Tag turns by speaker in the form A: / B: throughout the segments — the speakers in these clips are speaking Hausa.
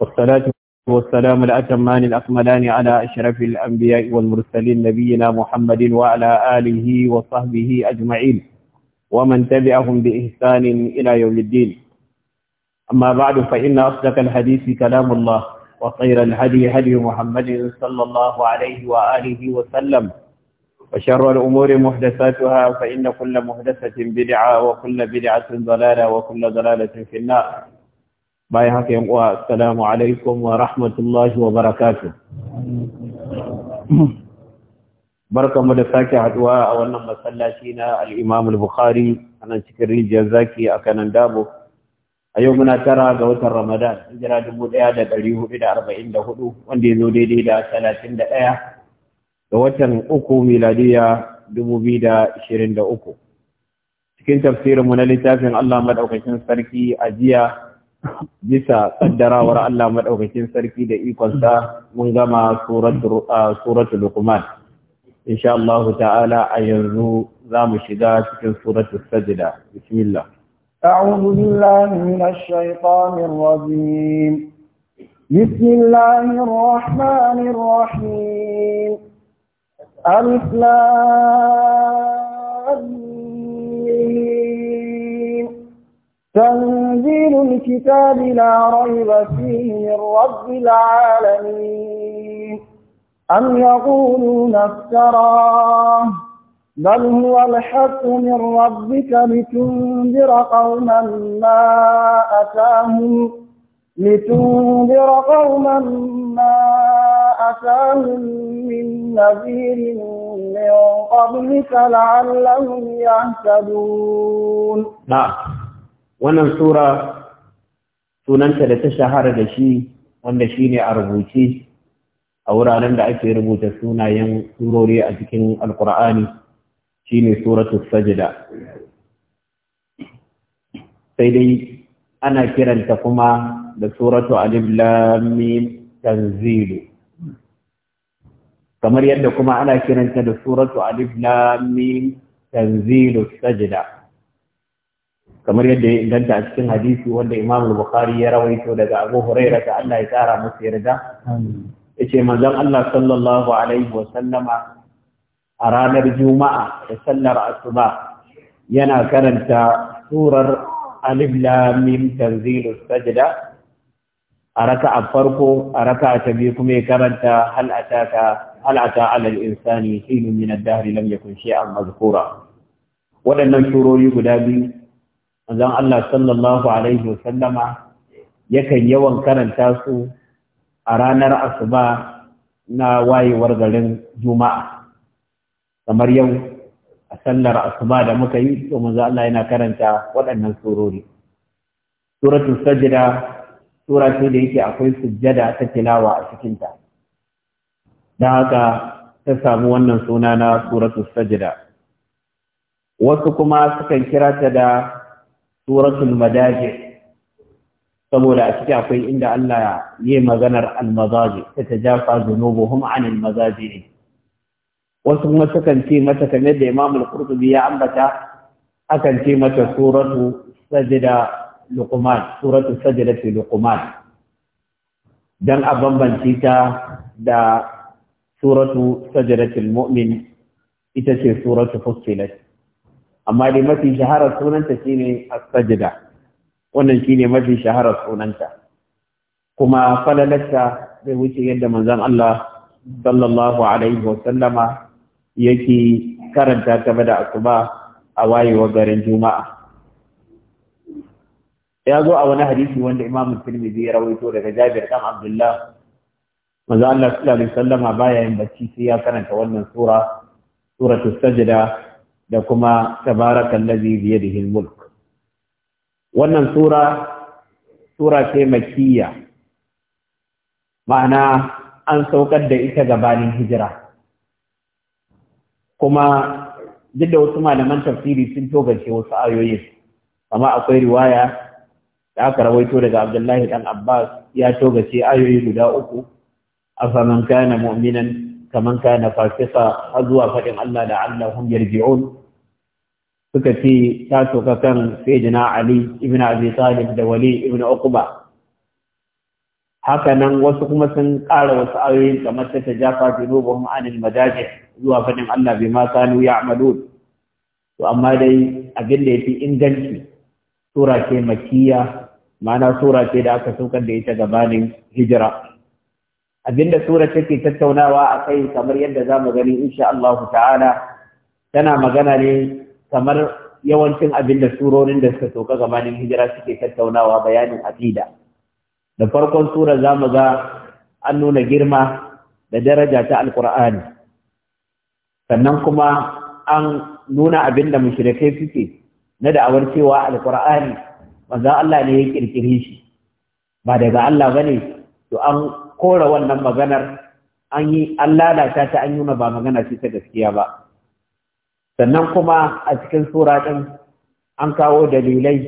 A: والصلاة والسلام الأتمان الأكملان على أشرف الأنبياء والمرسلين نبينا محمد وعلى آله وصحبه أجمعين ومن تبعهم بإحسان إلى يوم الدين أما بعد فإن أصدق الحديث كلام الله وخير الهدي هدي محمد صلى الله عليه وآله وسلم وشر الأمور محدثاتها فإن كل محدثة بدعة وكل بدعة ضلالة وكل ضلالة في النار bayan haka yan uwa assalamu alaikum wa rahmatullahi wa barakatu. Barka barkamu da sake haduwa a wannan masallaci na al-Imam al-Bukhari anan cikin rijiyar zaki a kanan dabo a yau muna tara ga watan Ramadan hijira hudu. wanda ya zo daidai da talatin da daya ga watan uku miladiya dubu biyu da da uku. cikin tafsirinmu na littafin Allah maɗaukacin sarki a jiya bisa kaddarawar Allah madaukakin sarki da ikonsa mun gama suratul luqman insha Allah ta'ala a yanzu za mu shiga cikin suratul sajda bismillah
B: أعوذ بالله من الشيطان الرجيم بسم الله الرحمن الرحيم الم تنزيل الكتاب لا ريب فيه من رب العالمين أم يقولون افتراه بل هو الحق من ربك لتنذر قوما ما أتاهم لتنذر قوما ما أتاهم من نذير من قبلك لعلهم يهتدون
A: نعم wannan sura sunanta da ta shahara da shi wanda shi ne a rubuce a wuraren da ake rubuta sunayen surori a cikin alkur'ani shi ne suratul sajida sai dai ana kiranta kuma da suratu alif tanzilu kamar yadda kuma ana kiranta da suratu alif lam tanzilu sajida kamar yadda ya inganta a cikin hadisi wanda Imam Bukhari ya rawaito daga Abu huraira da Allah ya tsara masa yarda yace manzon Allah sallallahu alaihi wa sallama a ranar Juma'a da sallar asuba yana karanta surar Alif Lam Mim Sajda a a farko a raka ta biyu kuma ya karanta hal ataka hal ata alal insani hinun min ad-dahr lam yakun shay'an mazkura waɗannan surori guda biyu manzon Allah sallallahu alaihi wasallama yakan yawan karanta su a ranar asuba na wayewar garin juma'a kamar yau a sallar asuba da muka yi to manzo Allah yana karanta waɗannan surori suratu sajda sura ce da yake akwai sujjada ta tilawa a cikin ta dan haka ta samu wannan suna na suratu sajda wasu kuma sukan kira ta da suratul madaji saboda a ciki akwai inda Allah ya maganar almazaji ta tajafa zunubuhum anil mazaji wasu kuma sukan ce mata kamar da Imam qurtubi ya ambata akan ce mata suratu sajda luqman suratu sajdati luqman dan a bambanci ta da suratu sajdatil mu'min ita ce suratu fussilat amma dai mafi shaharar sunanta ne a sajida wannan shi ne mafi shaharar sunanta kuma falalarta zai wuce yadda manzan Allah sallallahu alaihi wa yake karanta ta bada asuba a wayewa garin juma'a ya zo a wani hadisi wanda imam tirmidhi ya rawaito daga jabir dan abdullah manzo Allah sallallahu alaihi wasallama baya yin bacci sai ya karanta wannan sura suratu sajda da kuma tabarakan lazi biye da hilmulk wannan sura sura ce makiyya ma'ana an saukar da ita gabanin hijira kuma duk da wasu malaman tafsiri sun togace wasu ayoyin amma akwai riwaya da aka rawaito daga abdullahi dan abbas ya togace ayoyi guda uku a zaman gane mu'minan kaman kana fasika har zuwa faɗin Allah da Allah hum yarji'un suka ce ta soka kan sayyidina Ali ibn Abi Talib da Wali ibn Uqba haka nan wasu kuma sun ƙara wasu ayoyi kamar ta tajafa junubuhum anil madajih zuwa faɗin Allah bima kanu ya'malun to amma dai abin da yafi inganci sura ce makiyya ma'ana sura ce da aka saukar da ita gabanin hijira abinda sura take tattaunawa a kai kamar yadda za mu gani insha Allah ta'ala tana magana ne kamar yawancin abinda surorin da suka soka gabanin hijira suke tattaunawa bayanin aqida da farkon sura za mu ga an nuna girma da daraja ta alqur'ani sannan kuma an nuna abinda mushrikai suke na da'awar cewa alqur'ani manzo Allah ne ya kirkire shi ba daga Allah bane to an kora wannan maganar an yi an lalata ta an nuna ba magana ce ta gaskiya ba sannan kuma a cikin sura ɗin an kawo dalilai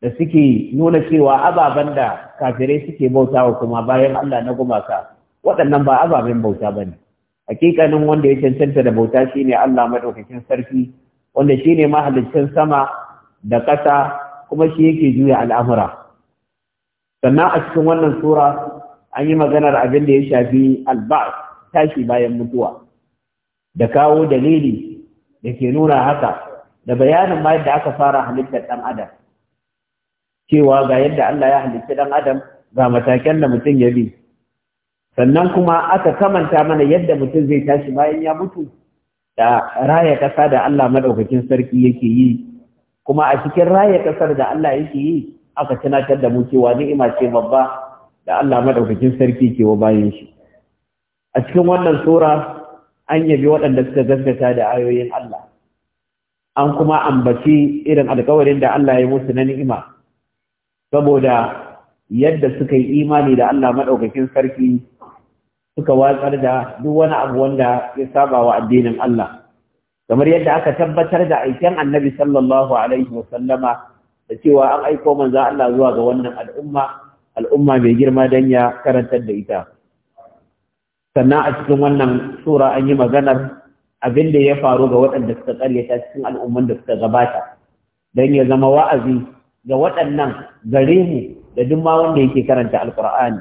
A: da suke nuna cewa ababen da kafirai suke bauta wa kuma bayan Allah na gumaka waɗannan ba ababen bauta ba ne hakikanin wanda ya cancanta da bauta shine Allah madaukakin sarki wanda shine mahaliccin sama da ƙasa kuma shi yake juya al'amura sannan a cikin wannan sura an yi maganar abin da ya shafi albar tashi bayan mutuwa da kawo dalili da ke nuna haka da bayanin ma yadda aka fara halittar ɗan adam cewa ga yadda Allah ya halitta ɗan adam ga matakan da mutum ya bi sannan kuma aka kamanta mana yadda mutum zai tashi bayan ya mutu da raya ƙasa da Allah madaukakin sarki yake yi kuma a cikin raya ƙasar da Allah yake yi aka tunatar da mu cewa ni'ima ce babba da Allah madaukakin sarki ke wa bayan shi a cikin wannan sura an yabi waɗanda suka gaskata da ayoyin Allah an kuma ambaci irin alkawarin da Allah ya musu na ni'ima saboda yadda suka yi imani da Allah maɗaukakin sarki suka watsar da duk wani abu wanda ya saba wa addinin Allah kamar yadda aka tabbatar da aikin annabi sallallahu alaihi wasallama da cewa an aiko manzo Allah zuwa ga wannan al'umma al'umma mai girma don ya karantar da ita sannan a cikin wannan sura an yi maganar abin da ya faru ga waɗanda suka karyata cikin al'umman da suka gabata don ya zama wa'azi ga waɗannan gare mu da duk ma wanda yake karanta alkur'ani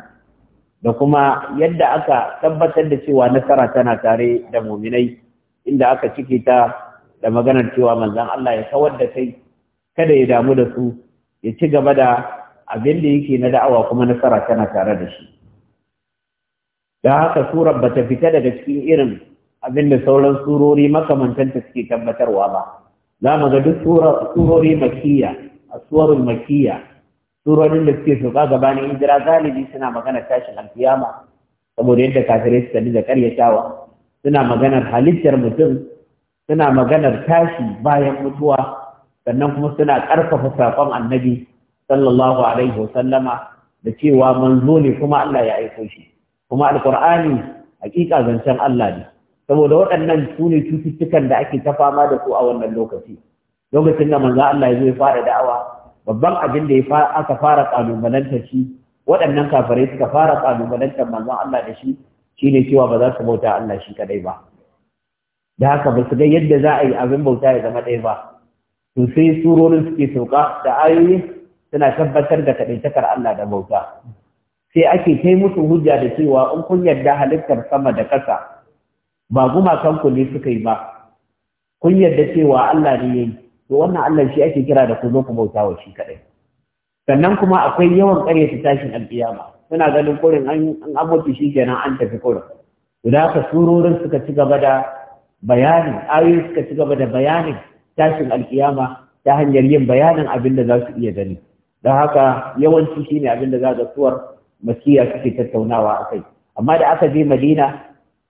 A: da kuma yadda aka tabbatar da cewa nasara tana tare da muminai inda aka cike ta da maganar cewa manzon Allah ya kawar da kai kada ya damu da su ya ci gaba da abin da yake na da'awa kuma nasara tana tare da shi da haka surar ba ta fita daga cikin irin abin da sauran surori makamantanta suke tabbatarwa ba za mu ga duk surori makiya a suwarul makiya surorin da suke shuka gabanin hijira galibi suna magana tashin alfiyama, saboda yadda kafirai suka ji da karyatawa suna maganar halittar mutum suna maganar tashi bayan mutuwa sannan kuma suna ƙarfafa saƙon annabi sallallahu alaihi wasallama da cewa manzo ne kuma Allah ya aiko shi kuma alqur'ani hakika zancen Allah ne saboda waɗannan su ne cututtukan da ake ta fama da su a wannan lokaci lokacin da manzo Allah ya zo ya fara da'awa babban abin da ya aka fara kalubalanta shi waɗannan kafirai suka fara kalubalantar manzon Allah da shi shine cewa ba za su bauta Allah shi kadai ba da haka ba su ga yadda za a yi abin bauta ya zama ɗaya ba to sai surorin suke sauka da ayoyin suna tabbatar da kaɗaitakar Allah da bauta sai ake kai musu hujja da cewa in kun yarda halittar sama da ƙasa ba gumakan ku ne suka yi ba kun yarda cewa Allah ne yayi to wannan Allah shi ake kira da ku zo ku bauta wa shi kaɗai sannan kuma akwai yawan ta tashin alƙiyama suna ganin kurin an an shi kenan an tafi kurin Guda ka surorin suka ci gaba da bayanin ayoyin suka ci gaba da bayanin tashin alƙiyama ta hanyar yin bayanin abin da za su iya gani don haka yawanci shine abin da za ga suwar makiya suke tattaunawa a kai amma da aka je madina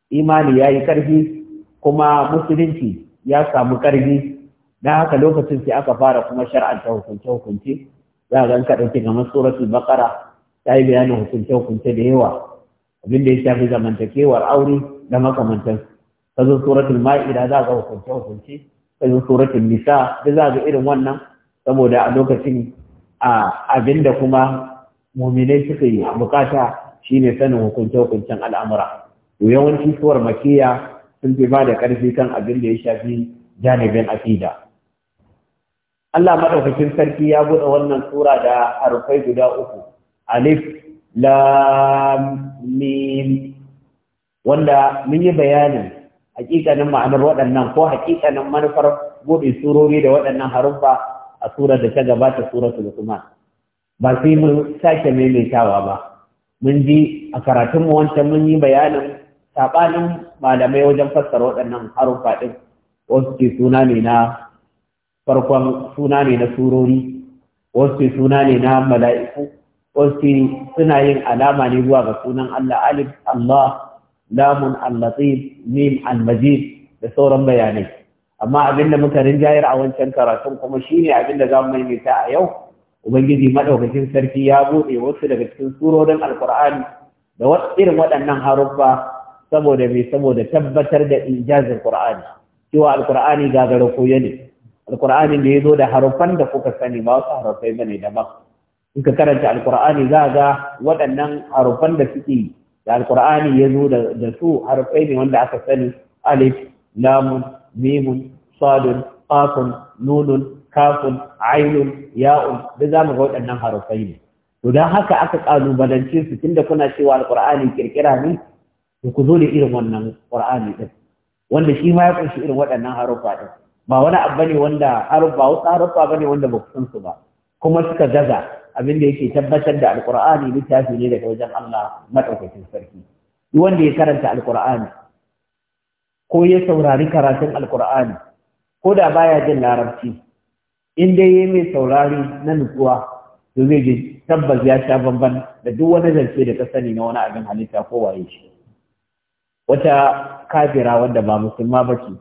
A: imani ya yi ƙarfi kuma musulunci ya samu ƙarfi don haka lokacin sai aka fara kuma shar'anta hukunce-hukunce za ga an kaɗauki kamar suratul baqara ta yi bayanin hukunce-hukunce da yawa abin da ya shafi zamantakewar aure da makamantan ka zo suratul ma'ida za ga hukunce-hukunce ka zo suratul nisa da za ga irin wannan saboda a lokacin a abinda kuma muminai suka yi bukata shine sanin hukunce-hukuncen al'amura to yawanci suwar makiya sun fi ba da ƙarfi kan abin da ya shafi janibin asida. Allah maɗaukakin sarki ya buɗe wannan sura da harufai guda uku alif lam mim wanda mun yi bayanin hakikanin ma'anar waɗannan ko hakikanin manufar buɗe surori da waɗannan haruffa a surar da ta gabata suratul Luqman ba sai mun sake maimaitawa ba mun ji a karatun mu wancan mun yi bayanin sabanin malamai wajen fassara waɗannan harufa din wasu ke suna ne na farkon suna ne na surori wasu ke suna ne na mala'iku wasu ke suna yin alama ne zuwa ga sunan Allah alif Allah lamun al-latif mim al-majid da sauran bayanai amma abin da muka rinjayar a wancan karatun kuma shine abin da za mu maimaita a yau ubangiji madaukakin sarki ya buɗe wasu daga cikin surorin alkur'ani da wasu irin waɗannan haruffa saboda mai saboda tabbatar da ijazin qur'ani cewa alkur'ani gagara koyo ne alkur'ani da ya zo da haruffan da kuka sani ba wasu haruffai bane daban in ka karanta alkur'ani za ga waɗannan haruffan da suke da alkur'ani ya zo da su haruffai ne wanda aka sani alif lamun mimun sadun qafun nunun kafin, ainun ya'un da zamu ga waɗannan harafai ne to dan haka aka kalubalance su tunda kuna cewa alqur'ani kirkira ne to ku zo da irin wannan qur'ani din wanda shi ma ya kunshi irin waɗannan harufa din ba wani abu bane wanda harufa wasu harufa bane wanda ba ku san su ba kuma suka gaza abin da yake tabbatar da alqur'ani littafi ne daga wajen Allah madaukakin sarki duk wanda ya karanta alqur'ani ko ya saurari karatun alkur'ani ko da baya jin larabci in dai ya mai saurari na nutsuwa to zai ji tabbas ya sha bamban da duk wani zance da ka sani na wani abin halitta ko waye shi wata kafira wanda ba musulma ba ce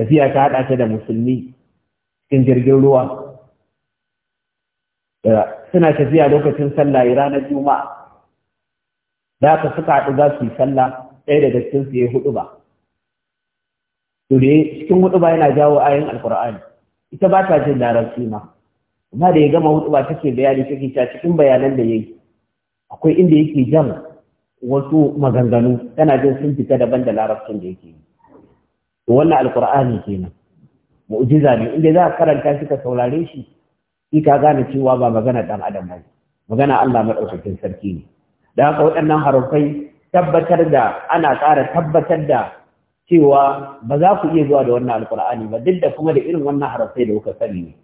A: tafiya ta haɗa ta da musulmi cikin jirgin ruwa suna tafiya lokacin sallah ranar juma'a da aka suka haɗu za su yi sallah ɗaya daga cikin su ya hudu ba to da cikin hudu ba yana jawo ayin alkur'ani ita ba ta jin larabci ma amma da ya gama hudu ba take bayani take ta cikin bayanan da yayi akwai inda yake jan wasu maganganu tana jin sun fita daban da larabcin da yake yi to wannan alkur'ani kenan mu'jiza ne inda za ka karanta shi ka saurare shi shi ka gane cewa ba magana dan adam ba magana Allah madaukakin sarki ne da haka waɗannan harafai tabbatar da ana ƙara tabbatar da cewa ba za ku iya zuwa da wannan alkur'ani ba duk da kuma da irin wannan harafai da kuka sani ne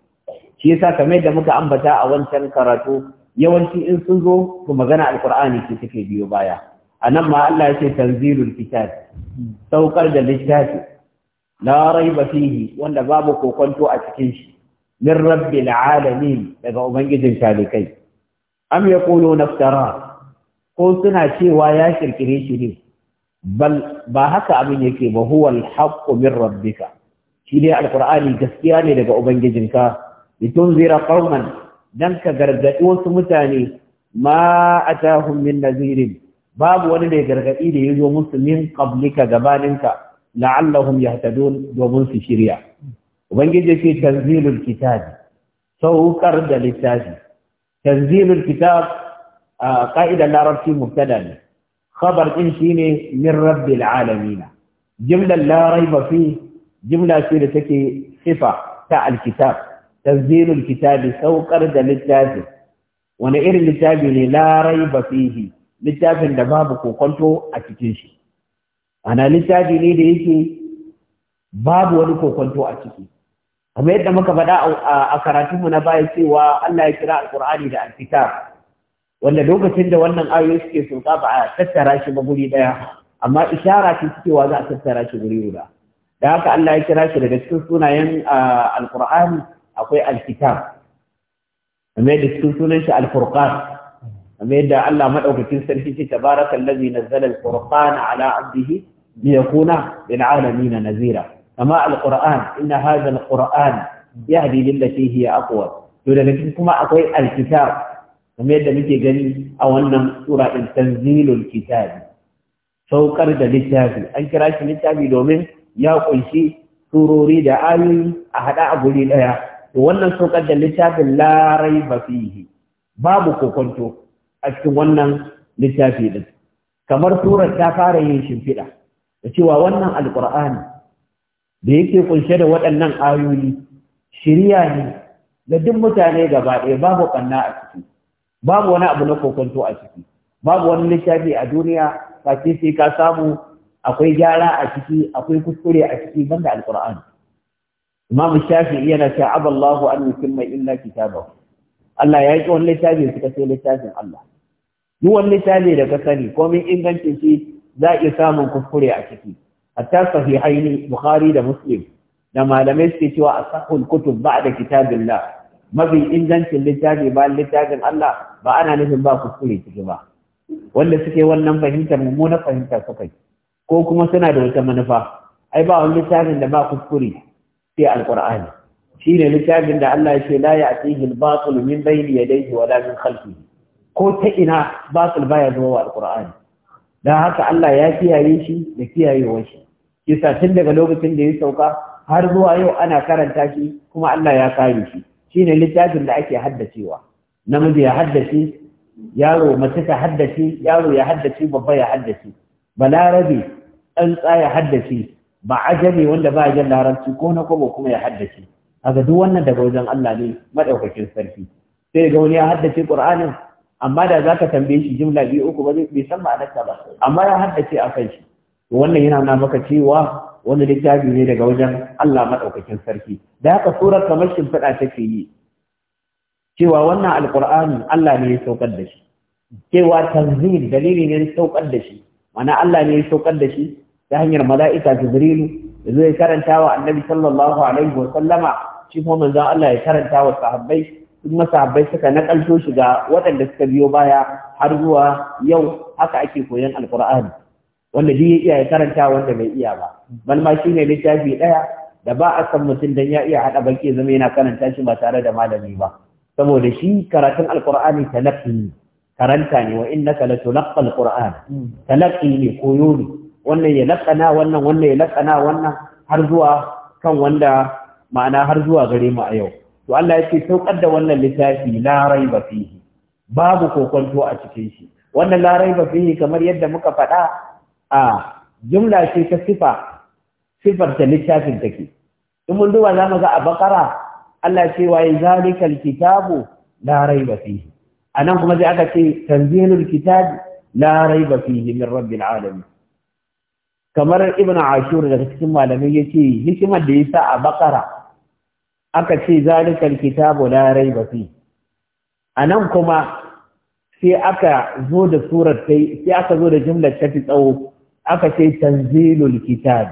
A: shi yasa kamar da muka ambata a wancan karatu yawanci in sun zo to magana alkur'ani ce take biyo baya anan nan ma Allah yake tanzilul kitab saukar da littafi la raiba fihi wanda babu kokonto a cikin shi min rabbil alamin daga ubangijin talikai am yaquluna naftara ko suna cewa ya shirkire shi ne ba haka abin yake ba huwal alhaqqu min rabbika shi dai alqur'ani gaskiya ne daga ubangijinka litunzira qauman dan ka gargadi wasu mutane ma atahum min nazirin babu wani da gargadi da yazo musu min qablika gabaninka la'allahum yahtadun domin su shirya ubangiji ce tanzilul kitabi saukar da littafi tanzilul kitab a ka'idar larabci mubtada ne Kabar ɗin shine min rabbil alamin jumlar la raiba fi jumla ce da take sifa ta alkitab tanzilul kitabi saukar da littafi wani irin littafi ne la raiba littafin da babu kokonto a cikin shi ana littafi ne da yake babu wani kokonto a ciki kamar yadda muka faɗa a karatunmu na baya cewa Allah ya kira alqur'ani da alkitab wanda lokacin da wannan ayoyi suke sauka ba a tattara shi ba guri daya amma ishara shi cewa za a tattara shi guri guda da haka Allah ya kira shi daga cikin sunayen alqur'ani akwai alkitab amma da cikin sunan shi alfurqan amma yadda Allah madaukakin sarki ce tabarakal ladzi nazzala alfurqana ala abdihi liyakuna lil alamin nazira amma alqur'an inna hadha alqur'an yahdi lillati hiya aqwa to daga cikin kuma akwai alkitab kuma yadda muke gani a wannan sura din tanzilul kitabi saukar da littafi an kira shi littafi domin ya kunshi surori da ayoyi a hada a guri daya to wannan saukar da littafin la raiba fihi babu kokonto a cikin wannan littafi din kamar surar ta fara yin shimfiɗa da cewa wannan alqur'ani da yake kunshe da waɗannan ayoyi shirya ne da duk mutane gaba ɗaya babu ƙanna a ciki babu wani abu na kokonto a ciki babu wani littafi a duniya face sai ka samu akwai gyara a ciki akwai kuskure a ciki banda alqur'ani imam shafi'i yana cewa aballahu an yutimma illa kitabahu Allah ya yi wani littafi suka sai littafin Allah duk wani littafi da ka sani komai ingancin shi za a iya samun kuskure a ciki hatta sahihaini bukhari da muslim da malamai suke cewa asahul kutub ba'da kitabillah mafi ingancin littafi bayan littafin Allah ba ana nufin ba kuskure ciki ba wanda suke wannan fahimtar mummunar fahimtar suka yi ko kuma suna da wata manufa ai ba wani littafin da ba kuskure sai alqur'ani shine littafin da Allah ya ce la ya'tihi al-batil min bayni yadayhi wa la min khalfihi ko ta ina batil baya zuwa alqur'ani dan haka Allah ya kiyaye shi da kiyayewar shi Kisa tun daga lokacin da ya sauka har zuwa yau ana karanta shi kuma Allah ya kare shi shine littafin da ake haddacewa namiji ya haddace yaro mace ta haddace yaro ya haddace babba ya haddace balarabe ɗan tsaya haddace ba ajabi wanda ba jan larabci ko na kobo kuma ya haddace haka duk wannan daga wajen Allah ne madaukakin sarki sai ga wani ya haddace Qur'anin amma da zaka tambaye shi jumla biyu uku ba zai san ma'anarta ba amma ya haddace a kan shi wannan yana nuna maka cewa wani littafi ne daga wajen Allah maɗaukakin sarki da haka surar kamar shimfiɗa take yi cewa wannan alqur'ani Allah ne ya saukar da shi cewa tanzil dalili ne ya saukar da shi mana Allah ne ya saukar da shi ta hanyar mala'ika Jibrilu da ya karanta wa Annabi sallallahu alaihi wa sallama shi kuma manzon Allah ya karanta wa sahabbai kuma sahabbai suka nakalto shi ga waɗanda suka biyo baya har zuwa yau haka ake koyon alqur'ani wanda duk ya iya karanta wanda bai iya ba bal ma shine littafi daya da ba a san mutum dan ya iya hada baki zama yana karanta shi ba tare da malami ba saboda shi karatun alqur'ani talaqqi karanta ne wa innaka latunqa alqur'an talaqqi ne koyo ne wannan ya laqana wannan wannan ya laqana wannan har zuwa kan wanda ma'ana har zuwa gare mu a yau to Allah yake saukar da wannan littafi la raiba fihi babu kokonto a cikin shi wannan la raiba fihi kamar yadda muka faɗa a jumla ce ta sifa sifar ta littafin take in mun duba zamu ga a bakara Allah ce wa zalikal kitabu la raiba fihi anan kuma sai aka ce tanzilul kitab la raiba fihi min rabbil alamin kamar ibnu ashur daga cikin malamai yace hikimar da yasa a bakara aka ce zalikal kitabu la raiba fihi anan kuma sai aka zo da surar sai aka zo da jumlar ta fi tsawo aka ce tanzilul kitab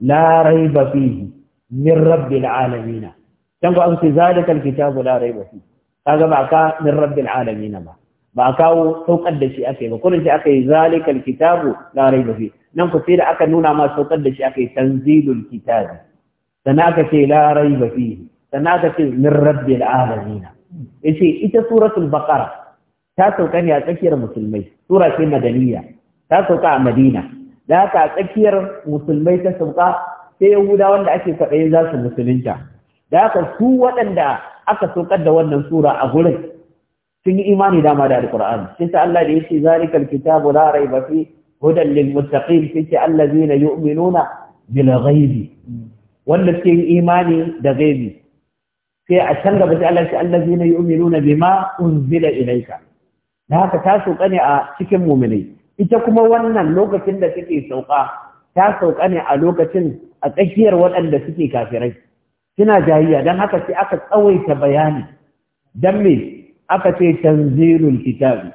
A: la raiba fihi min rabbil alamin dan ko aka ce zalika alkitabu la raiba fihi kaga ba ka min rabbil alamin ba ba kawo saukar da shi aka yi ba kullum shi aka yi zalika alkitabu la raiba fihi nan ku sai da aka nuna ma saukar da shi aka yi tanzilul kitabi sannan aka ce la raiba fihi sannan aka ce min rabbil alamin yace ita suratul baqara ta sauka ne a tsakiyar musulmai sura ce madaniya ta sauka a madina da haka a tsakiyar musulmai ta sauka sai yahuda wanda ake kwaɗayin za su musulunta da haka su waɗanda aka saukar da wannan sura a gurin sun yi imani dama da alƙur'ani sai ta Allah da ya ce zalikal kitabu la raiba fi hudan lil muttaqin sai ce allazina yu'minuna bil ghaibi wanda suke yin imani da gaibi sai a can gaba sai Allah ya ce allazina yu'minuna bima unzila ilayka da haka ta sauka ne a cikin mu'minai ita kuma wannan lokacin da take sauka ta sauka ne a lokacin a tsakiyar waɗanda suke kafirai suna jahiya don haka sai aka tsawaita bayani don me aka ce tanzilul kitabi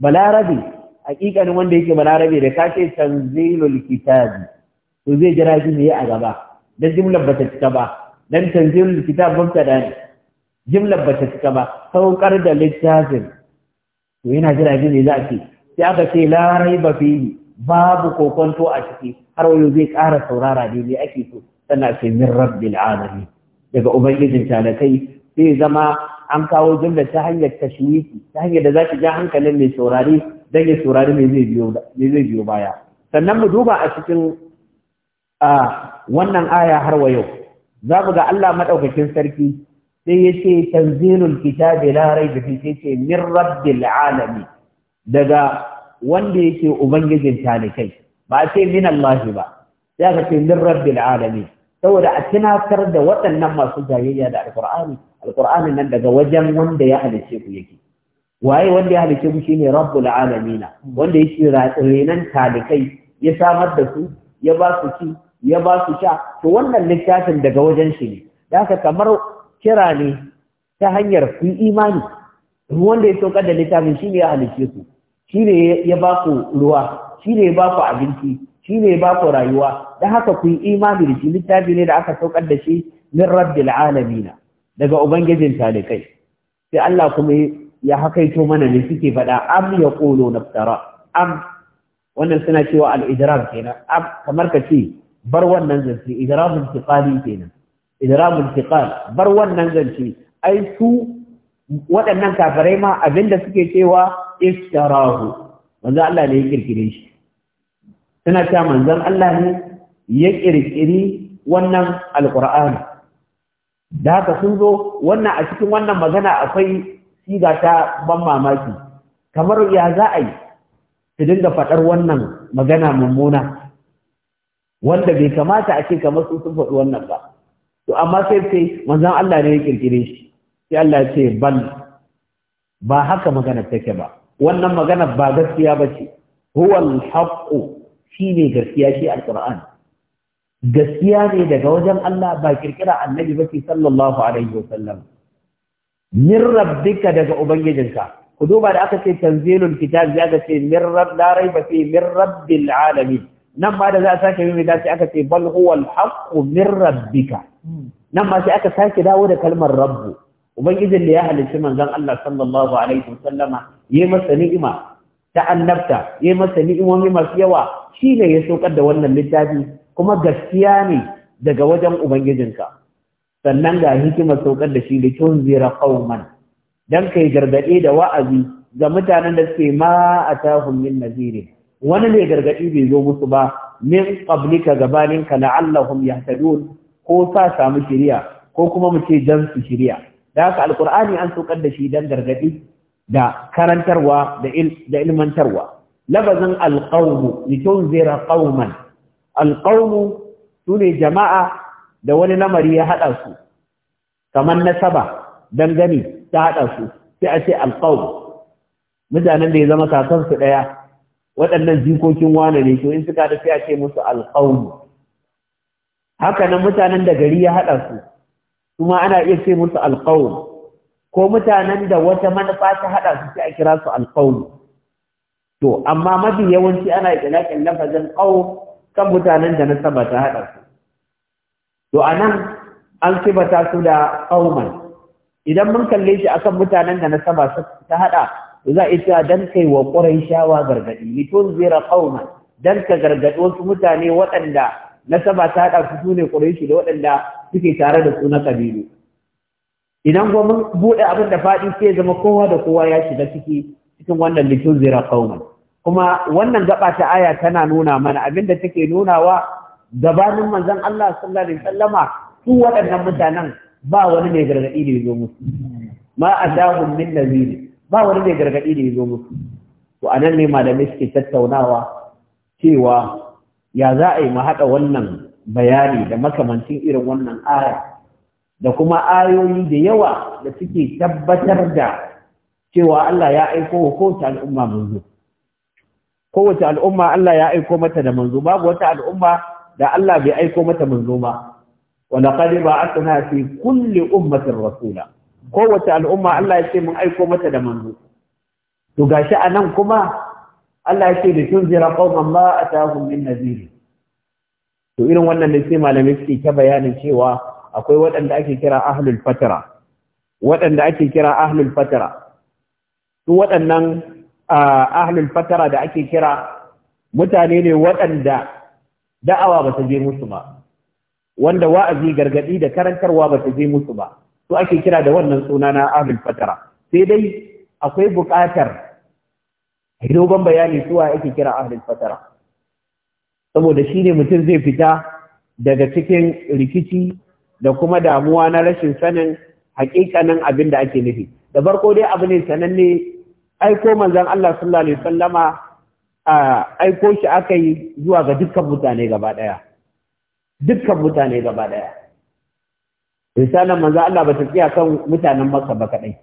A: balarabi hakikanin wanda yake balarabi da ka ce tanzilul kitabi to zai jira shi ne a gaba dan jimlar bata cika ba dan tanzilul kitab ta dani jimlar bata cika ba saukar da littafin to yana jira shi ne za a ce sai aka ce larai ba fi babu kokonto a ciki har wayo zai ƙara saurara daidai ake so tana ce min rabbil alamin daga ubangijin talakai zai zama an kawo jumla ta hanyar tashwiki ta hanyar da za ta ja hankalin mai saurari dan ya saurari mai zai biyo zai biyo baya sannan mu duba a cikin wannan aya har wa yau za mu ga Allah madaukakin sarki sai ya ce tanzilul kitabi la raiba fi sai ce min rabbil alamin daga wanda yake ubangijin talikai ba a ce min Allah ba sai ka ce min rabbil alamin saboda a tunatar da waɗannan masu jayayya da alqur'ani alqur'ani nan daga wajen wanda ya halice ku yake waye wanda ya halice ku shine rabbul alamin wanda yake nan talikai ya samar da su ya ba su ci ya ba su sha to wannan littafin daga wajen shi ne da haka kamar kira ne ta hanyar ku imani wanda ya saukar da littafin shi ne ya halice ku shi ne ya ba ku ruwa shi ne ya ba ku abinci shi ne ya ba ku rayuwa da haka ku yi imani da shi littafi ne da aka saukar da shi min rabbil alamin daga ubangijin talikai sai Allah kuma ya hakaito mana ne suke faɗa am yaqulu naftara am wannan suna cewa al-idram kenan am kamar ka ce bar wannan zance idramul tiqali kenan idramul tiqal bar wannan zance ai su waɗannan kafirai ma abinda suke cewa istarahu manzon Allah ne ya kirkire shi suna cewa manzon Allah ne ya kirkiri wannan alqur'ani da haka sun zo wannan a cikin wannan magana akwai siga ta ban mamaki kamar ya za a yi su dinga faɗar wannan magana mummuna wanda bai kamata a ce kamar su sun faɗi wannan ba to amma sai sai manzon Allah ne ya kirkire shi sai Allah ya ce bal ba haka magana take ba wannan magana ba gaskiya ba ce huwal haqqu shine gaskiya shi alquran gaskiya ne daga wajen Allah ba kirkira annabi ba sallallahu alaihi wasallam min rabbika daga ubangijinka ku duba da aka ce tanzilul kitab ya ga ce min rabb la raiba fi min rabbil alamin nan ma da za a sake yi da aka ce bal huwa al min rabbika hmm. nan ma sai aka sake dawo da kalmar rabbu ubangijin da ya halicci manzon Allah sallallahu alaihi wasallama yayi masa ni'ima ta annabta yayi masa ni'imomi masu yawa shi ne ya saukar da wannan littafi kuma gaskiya ne daga wajen ubangijinka sannan ga hikima saukar da shi da litun zira qauman dan kai gargade da wa'azi ga mutanen da suke ma atahum min naziri wani ne gargadi bai zo musu ba min qablika ka la'allahum yahtadun ko sa samu shiriya ko kuma mu ce dan su shiriya da haka alkur'ani an sokar da shi dan gargadi da karantarwa da ilmantarwa labazin alqawmu litunzira qauman alqawmu sune jama'a da wani lamari ya haɗa su kamar nasaba dangane ta haɗa su sai a ce alqawm mutanen da ya zama kakansu ɗaya, waɗannan jikokin wane ne to in suka da sai a ce musu alqawm haka nan mutanen da gari ya haɗa su kuma ana iya ce musu alƙawun ko mutanen da wata manufa ta haɗa su sai a kira su alƙawun to amma mafi yawanci ana ƙinaƙin lafazin ƙawu kan mutanen da nasaba ta haɗa su to a nan an sibata su da ƙauman idan mun kalle shi akan mutanen da nasaba ta haɗa za a iya dan kai wa ƙurai shawa gargaɗi litun zira ƙauman dan ka gargadi wasu mutane waɗanda nasaba ta haɗa su ne ƙuraishi da waɗanda suke tare da su na ƙabilu idan gwamnan buɗe abin da faɗi sai zama kowa da kowa ya shiga ciki cikin wannan likin zira kuma wannan gaba ta aya tana nuna mana abin da take nunawa gabanin manzon Allah sallallahu alaihi wasallama su waɗannan mutanen ba wani mai gargaɗi da ya zo musu ma atahum min nazir ba wani mai gargaɗi da ya zo musu to anan ne malamai suke tattaunawa cewa ya za a yi mu haɗa wannan bayani da makamancin irin wannan aya da kuma ayoyi da yawa da suke tabbatar da cewa Allah ya aiko wa kowace al'umma manzo kowace al'umma Allah ya aiko mata da manzo babu wata al'umma da Allah bai aiko mata manzo ba wa laqad ba'athna fi kulli ummatin rasula kowace al'umma Allah ya ce mun aiko mata da manzo to gashi anan kuma Allah ya ce da tunzira qauman ma tahun min nazir to irin wannan ne sai malamai suke ta bayanin cewa akwai waɗanda ake kira ahlul fatara waɗanda ake kira ahlul fatara su waɗannan ahlul fatara da ake kira mutane ne waɗanda da'awa ba ta je musu ba wanda wa'azi gargadi da karantarwa ba ta je musu ba su ake kira da wannan suna na ahlul fatara sai dai akwai buƙatar ban bayani suwa yake kira ahlul fatara saboda shine mutum zai fita daga cikin rikici da kuma damuwa na rashin sanin hakikanin abin da ake nufi da farko dai abu ne sananne aiko manzon Allah sallallahu alaihi wasallama a aiko shi aka yi zuwa ga dukkan mutane gaba daya dukkan mutane gaba daya risalar manzon Allah ba ta tsaya kan mutanen Makka ba kadai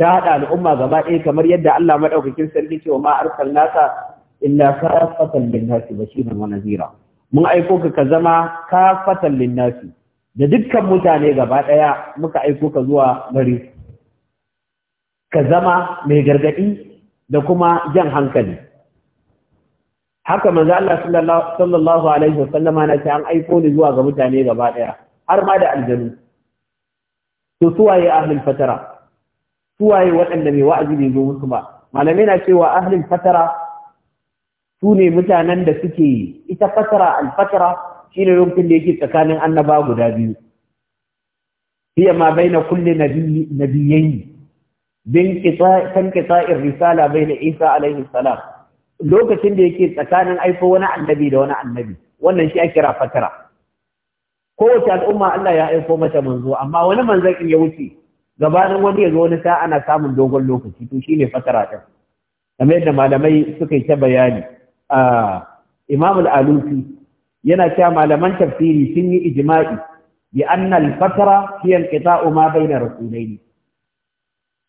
A: ta haɗa al'umma gaba ɗaya kamar yadda Allah maɗaukakin sarki ce cewa ma arsalnaka illa kafatan linnasi bashiran wa nazira mun aiko ka ka zama kafatan linnasi da dukkan mutane gaba ɗaya muka aiko ka zuwa gari ka zama mai gargaɗi da kuma jan hankali haka manzo Allah sallallahu alaihi wasallam na ce an aiko ni zuwa ga mutane gaba ɗaya har ma da aljanu to suwaye ahlul fatara suwaye waɗanda mai wa'azi ne zo musu ba malamai na cewa ahlin fatara su ne mutanen da suke yi ita fatara alfatara shine lokacin da yake tsakanin annaba guda biyu hiya ma baina biyan yi. bin qita kan qita'ir risala baina isa alaihi salam lokacin da yake tsakanin aiko wani annabi da wani annabi wannan shi ake kira fatara kowace al'umma Allah ya aiko mata manzo amma wani manzon in ya wuce gabanin wani ya zo wani sa ana samun dogon lokaci to shine fatara din kamar yadda malamai suka yi ta bayani a Imam al-Alusi yana cewa malaman tafsiri sun yi ijma'i bi anna al-fatara hiya al-qita'u ma bayna rasulaini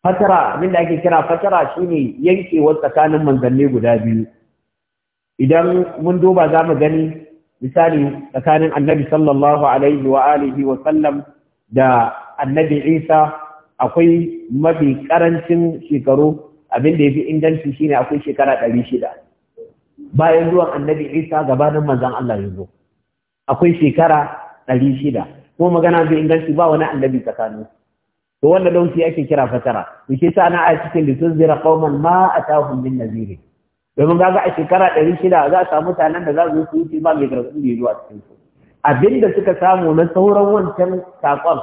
A: fatara da ake kira fatara shine yankewar tsakanin manzanni guda biyu idan mun duba za mu gani misali tsakanin annabi sallallahu alaihi wa alihi wa sallam da annabi isa akwai mafi karancin shekaru abin da ya fi inganci shine akwai shekara ɗari shida bayan zuwan annabi isa gabanin manzan Allah ya zo akwai shekara ɗari shida kuma magana bai inganci ba wani annabi tsakanin to wanda lokaci ake kira fatara to ke sa na a cikin litun zira qauman ma atahum min naziri domin ga a shekara ɗari shida za a samu mutanen da za su su yi ba mai gargaɗi da a cikin su abinda suka samu na sauran wancan saƙon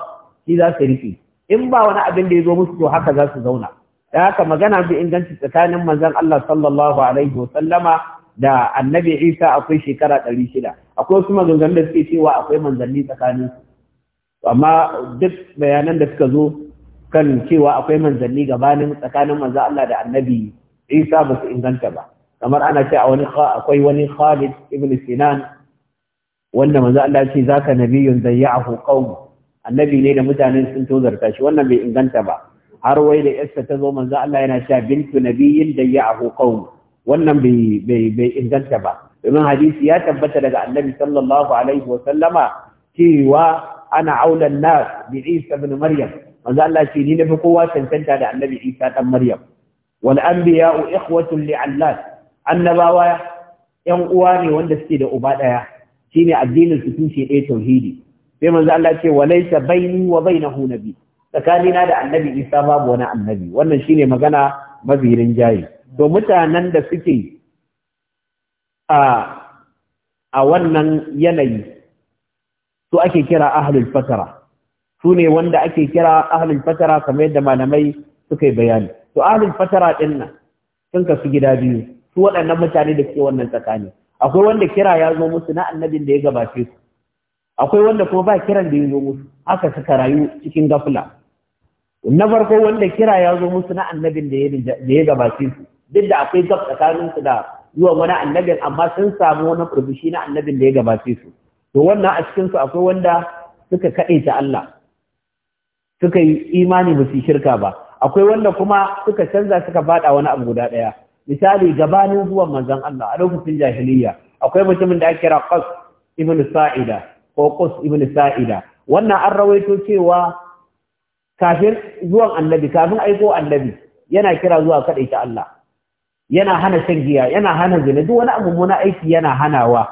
A: shi za su rike in ba wani abin da ya zo musu to haka za su zauna da haka magana bi inganci tsakanin manzon Allah sallallahu alaihi wa Sallama da annabi Isa akwai shekara 600 akwai wasu maganganun da suke cewa akwai manzanni tsakanin su amma duk bayanan da suka zo kan cewa akwai manzanni gabanin tsakanin manzon Allah da annabi Isa ba su inganta ba kamar ana ce wani akwai wani Khalid ibn Sinan wanda manzon Allah ya ce zaka nabiyyun zayyahu qaumu annabi ne da mutanen sun tozarta shi wannan bai inganta ba har wai da yarsa ta zo manzo Allah yana sha bintu nabiyyin da ya ahu qaum wannan bai bai bai inganta ba domin hadisi ya tabbata daga annabi sallallahu alaihi wa sallama cewa ana aulan nas bi Isa ibn Maryam manzo Allah ce ni nafi kowa cancanta da annabi Isa dan Maryam wal anbiya'u ikhwatun li Allah annabawa yan uwa ne wanda suke da uba daya shine addinin su tushe ɗaya eh, tauhidi sai manzo Allah ce walaysa baini wa bainahu nabi tsakanina da annabi Isa babu wani annabi wannan shine magana mabirin jayi to mutanen da suke a a wannan yanayi su ake kira ahlul fatara su ne wanda ake kira ahlul fatara kamar yadda malamai suka bayani to ahlul fatara din nan sun kasu gida biyu su waɗannan mutane da ke wannan tsakani akwai wanda kira ya zo musu na annabin da ya gabace su akwai wanda kuma ba kiran da ya zo musu haka suka rayu cikin gafula na farko wanda kira ya zo musu na annabin da ya gabace su duk da akwai gab tsakanin su da zuwa wani annabin amma sun samu wani furfushi na annabin da ya gabace su to wannan a cikin su akwai wanda suka ta Allah suka yi imani ba su shirka ba akwai wanda kuma suka canza suka faɗa wani abu guda ɗaya, misali gabanin zuwan manzon Allah a lokacin jahiliyya akwai mutumin da ake kira Qas ibn Sa'ida ko Qus ibn Sa'ida wannan an rawaito cewa kafin zuwan annabi kafin aiko annabi yana kira zuwa kadaita Allah yana hana shan giya yana hana zina duk wani abu muna aiki yana hanawa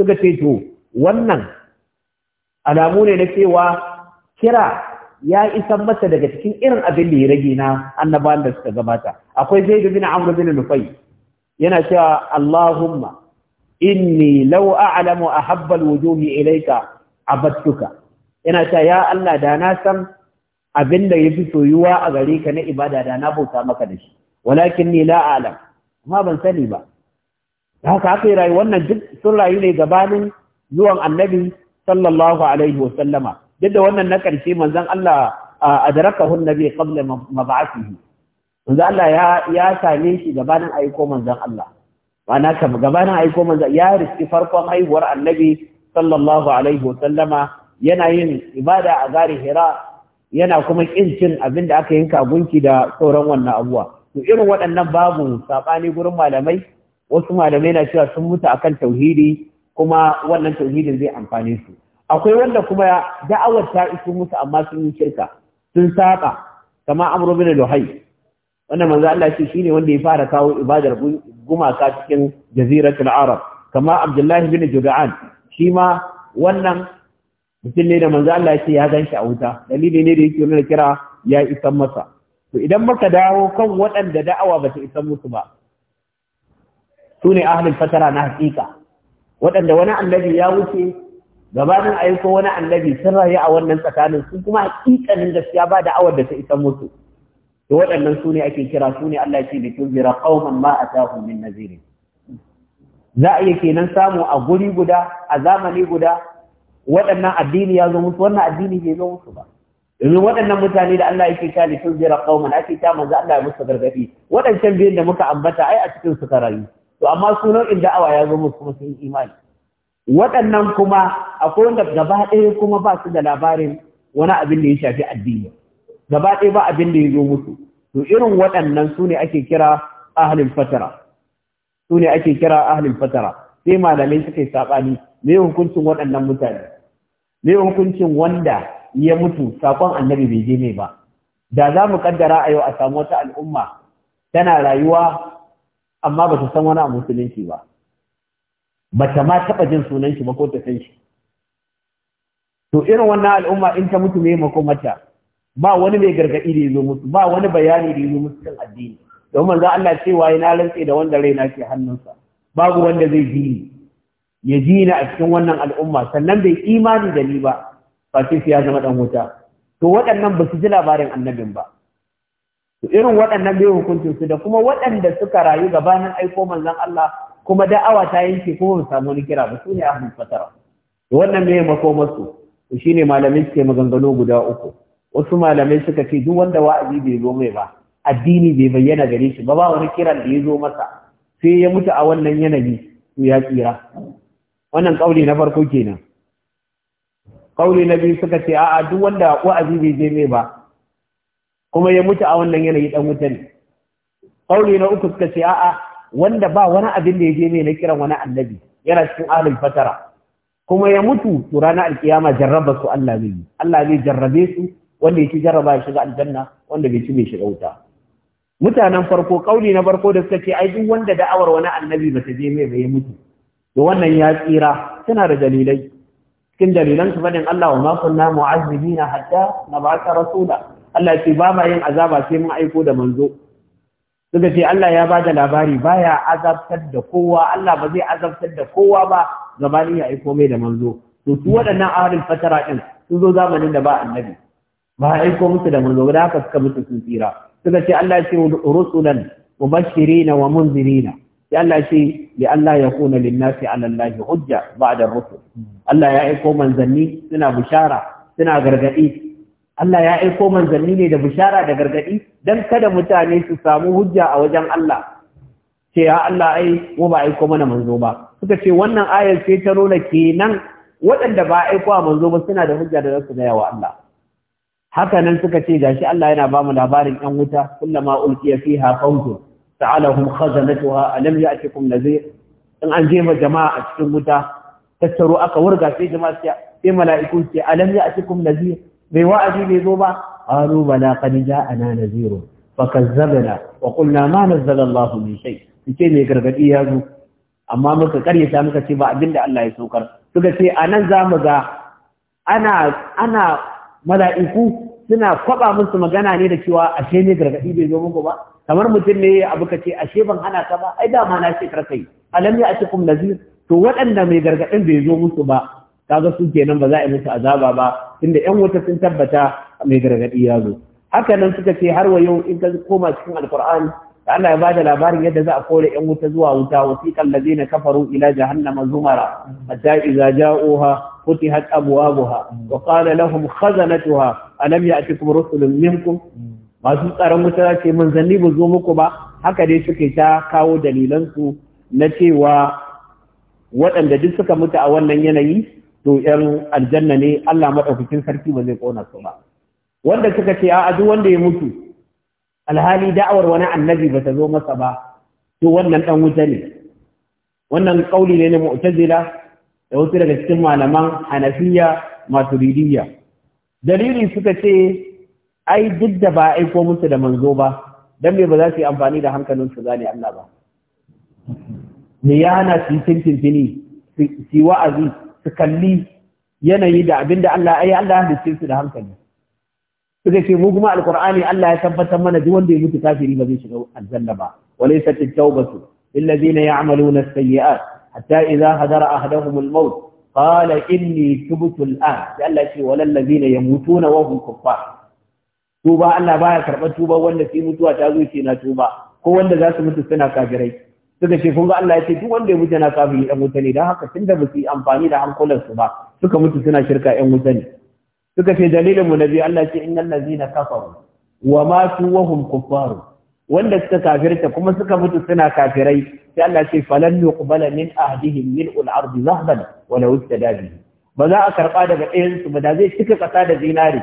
A: suka ce to wannan alamu ne na cewa kira ya isa masa daga cikin irin abin da ya rage na annabawan da suka gabata akwai zaid bin amr bin nufai, yana cewa Allahumma inni law a'lamu ahabba wujuhi ilayka abattuka ina ta ya Allah da na san abinda yafi soyuwa a gare ka na ibada da na bauta maka da shi walakin ni la a'lam kuma ban sani ba haka aka yi rayu wannan duk sun rayu ne gabanin zuwan annabi sallallahu alaihi sallama. duk da wannan na ƙarshe manzon Allah adrakahu annabi qabla mab'athihi manzon Allah ya ya same shi gabanin aiko manzon Allah ma'ana kam gabanin aiko manzo ya riski farkon haihuwar annabi sallallahu alaihi wasallama yana yin ibada a gari hira yana kuma kin cin abin da aka yanka gunki da sauran wannan abuwa to irin waɗannan babu sabani gurin malamai wasu malamai na cewa sun mutu akan tauhidi kuma wannan tauhidin zai amfane su akwai wanda kuma da'awar ta isu musu amma sun yi shirka sun saba kama amru bin luhai wannan manzo Allah shi shine wanda ya fara kawo ibadar gumaka cikin jaziratul arab kama abdullahi bin juda'an shi ma wannan mutum ne da manzo Allah ya ya ganshi a wuta dalili ne da yake nuna kira ya isan masa to idan muka dawo kan waɗanda da'awa ba ta isan musu ba su ne ahlul fatara na hakika waɗanda wani annabi ya wuce gabanin aiko wani annabi sun rayu a wannan tsakanin sun kuma hakikanin gaskiya ba da'awar da ta isa musu to waɗannan su ne ake kira su ne Allah ce da tunzira qauman ma atahum min nazir za a iya kenan samu a guri guda a zamani guda waɗannan addini ya zo musu wannan addini bai zo musu ba domin waɗannan mutane da Allah yake ta litun zira qauman ake ta manzo Allah ya musu gargadi waɗancan biyun da muka ambata ai a cikin suka rayu to amma su nau'in da'awa ya zo musu kuma sun imani waɗannan kuma akwai wanda gaba ɗaya kuma ba su da labarin wani abin da ya shafi addini gaba ɗaya ba abin da ya zo musu to irin waɗannan su ne ake kira ahalin fatara su ne ake kira ahlul fatara sai malamai suka yi saɓani me hukuncin waɗannan mutane me hukuncin wanda ya mutu sakon annabi bai je mai ba da za mu kaddara a yau a samu wata al'umma tana rayuwa amma ba ta san wani a musulunci ba ba ta ma taɓa jin sunan shi ba ko ta san shi to irin wannan al'umma in ta mutu me mata. ba wani mai gargadi da yazo musu ba wani bayani da yazo musu kan addini don manzo Allah cewa na rantse da wanda raina ke hannunsa babu wanda zai ji ni ya ji ni a cikin wannan al'umma sannan bai imani da ni ba ba sai ya zama dan wuta to waɗannan ba su ji labarin annabin ba to irin waɗannan bai hukuncin su da kuma waɗanda suka rayu gabanin aiko manzon Allah kuma da'awa ta yanke kuma ba samu ni kira ba su ne ahlul fatara to wannan me makomarsu to shine malamin suke maganganu guda uku wasu malamai suka ce duk wanda wa'azi bai zo mai ba addini bai bayyana gare shi ba ba wani kiran da ya zo masa sai ya mutu a wannan yanayi to ya tsira wannan kauli na farko kenan kauli na biyu suka ce a'a duk wanda wa'azi bai je mai ba kuma ya mutu a wannan yanayi dan wuta ne kauli na uku suka ce a'a wanda ba wani abin da ya je mai na kiran wani annabi yana cikin ahlul fatara kuma ya mutu to ranar alkiyama jarraba su Allah zai yi Allah zai jarrabe su wanda ya ci jarraba ya shiga aljanna wanda bai ci bai shiga wuta mutanen farko kauli na farko da suka ce ai duk wanda da'awar wani annabi ba ta je mai bai mutu to wannan ya tsira suna da dalilai cikin dalilan su fadin Allah wa ma kunna mu'azzibina hatta nab'atha rasula Allah ce ba ma yin azaba sai mun aiko da manzo suka ce Allah ya bada labari baya azabtar da kowa Allah ba zai azabtar da kowa ba gabanin ya aiko mai da manzo to su waɗannan ahlul fatara din sun zo zamanin da ba annabi ba aiko musu da manzo haka suka mutu sun tsira suka ce Allah ya ce rusulan mubashirina wa munzirina sai Allah ce li Allah ya kuna linnasi ala Allah hujja ba'da rusul Allah ya aiko manzanni suna bishara suna gargadi Allah ya aiko manzanni ne da bishara da gargadi dan kada mutane su samu hujja a wajen Allah ce ya Allah ai mu ba aiko mana manzo ba suka ce wannan ayar ce ta nuna kenan waɗanda ba aiko a manzo ba suna da hujja da za su gaya wa Allah haka nan suka ce gashi Allah yana ba mu labarin yan wuta kullama ulqiya fiha qawmun sa'alahum khazanatuha alam ya'tikum nazir in an jefa jama'a a cikin wuta tattaro aka wurga sai jama'a sai mala'iku ce alam ya'tikum nazir bai wa'azi bai zo ba qalu bala qad ja'ana nazir fakazzabna wa qulna ma nazzala Allahu min shay ce mai gargadi ya zo amma muka karyata muka ce ba abinda Allah ya saukar suka ce anan zamu ga ana ana mala'iku suna kwaba musu magana ne da cewa ashe ne gargadi bai zo muku ba kamar mutum ne abu ka ce ashe ban hana ka ba ai dama na ce karka yi alam ya atikum nazir to waɗanda mai gargadin bai zo musu ba kaga su kenan ba za a yi musu azaba ba tunda yan wuta sun tabbata mai gargadi ya zo haka nan suka ce har wa yau in ka koma cikin alqur'ani da Allah ya ba da labarin yadda za a kore yan wuta zuwa wuta wasiqal ladina kafaru ila jahannama zumara hatta idza ja'uha فتحت أبوابها وقال لهم خزنتها ألم يأتكم رسل منكم masu tsaron wuta ce manzanni ba zo muku ba haka dai suke ta kawo dalilansu na cewa waɗanda duk suka mutu a wannan yanayi to ‘yan aljanna ne Allah maɗaukakin sarki ba zai ƙona su ba wanda suka ce a'a duk wanda ya mutu alhali da'awar wani annabi ba ta zo masa ba to wannan ɗan wuta ne wannan ƙauli ne na mu'tazila da wasu daga cikin malaman hanafiya maturidiyya dalili suka ce ai duk da ba aiko musu da manzo ba don me ba za su yi amfani da hankalin su gane Allah ba me ya hana su tintintini su wa'azi su kalli yanayi da abinda Allah ai Allah ya dace su da hankali suka ce mu kuma alqur'ani Allah ya tabbatar mana duk wanda ya mutu kafiri ba zai shiga aljanna ba walaysa at-tawbatu lil ladina ya'maluna as-sayyi'at hatta idza hadara a al-maut qala inni tubtu al-an sai Allah ce walal ladina yamutuna wa kuffar tuba Allah baya karɓar tuba wanda sai mutuwa ta zo ce na tuba ko wanda za su mutu suna suka ce kun ga Allah ya ce duk wanda ya mutu yana kafin dan wuta ne Da haka tunda ba su yi amfani da hankulansu ba suka mutu suna shirka yan wuta ne suka ce dalilin mu biyu. Allah ce innal ladzina kafaru wa ma wa wahum kuffaru wanda suka kafirta kuma suka mutu suna kafirai sai Allah ce falan yuqbala min ahdihim mil'ul ardi zahban wa law istadabi ba za a karba daga ɗayan su ba da zai cika kasa da zinari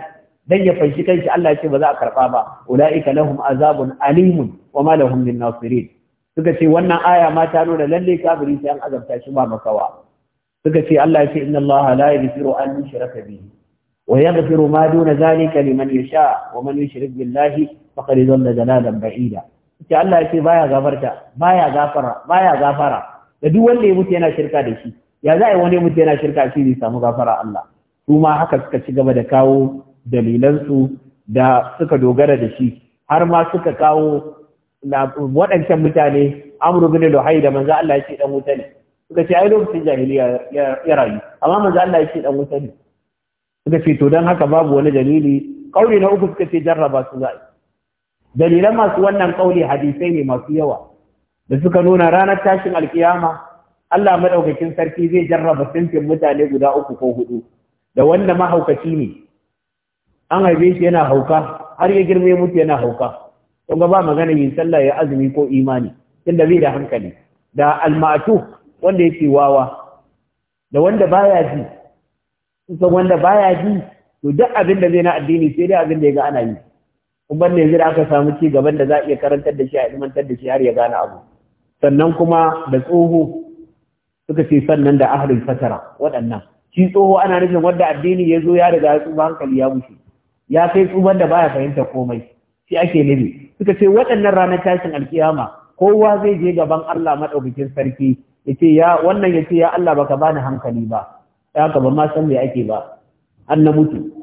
A: dan ya fanshi kanshi Allah ce ba za a karba ba ulaika lahum azabun alimun wa ma lahum min nasirin suka ce wannan aya ma ta nuna lalle kafiri sai an azabta shi ba makawa suka ce Allah ya ce inna Allah la yaghfiru an yushraka bihi wa yaghfiru ma duna zalika liman yasha wa man yushrik billahi faqad dalla dalalan ba'ida ita Allah yake baya gafarta baya gafara baya gafara da duk wanda ya mutu yana shirka da shi ya za a yi wani mutu yana shirka shi ne samu gafara Allah su ma haka suka ci gaba da kawo dalilansu da suka dogara da shi har ma suka kawo waɗancan mutane amru bin luhai da manzo Allah yake dan wuta ne suka ce ai lokacin jahiliya ya rayu amma manzo Allah yake dan wuta ne suka ce to dan haka babu wani dalili kauri na uku suka ce jarraba su za'i dalilan masu wannan kauli hadisai ne masu yawa da suka nuna ranar tashin alkiyama Allah madaukakin sarki zai jarraba sinfin mutane guda uku ko hudu da wanda mahaukaci ne an haife shi yana hauka har ya girme mutu yana hauka kun ga ba magana yin sallah ya azumi ko imani tunda bai da hankali da almatu wanda yake wawa da wanda baya ji kusan wanda baya ji to duk abin da zai na addini sai dai abin da ya ga ana yi Kuma ban yanzu aka samu ci gaban da za a iya karantar da shi a ilmantar da shi har ya gane abu sannan kuma da tsoho suka ce sannan da ahlul fatara waɗannan shi tsoho ana nufin wanda addini ya zo ya riga ya tsuba hankali ya bushe ya kai tsuban da baya fahimta komai shi ake nufi suka ce waɗannan ranar tashin alkiyama kowa zai je gaban Allah madaukakin sarki yace ya wannan yace ya Allah baka bani hankali ba ya ka ba ma san me ake ba an mutu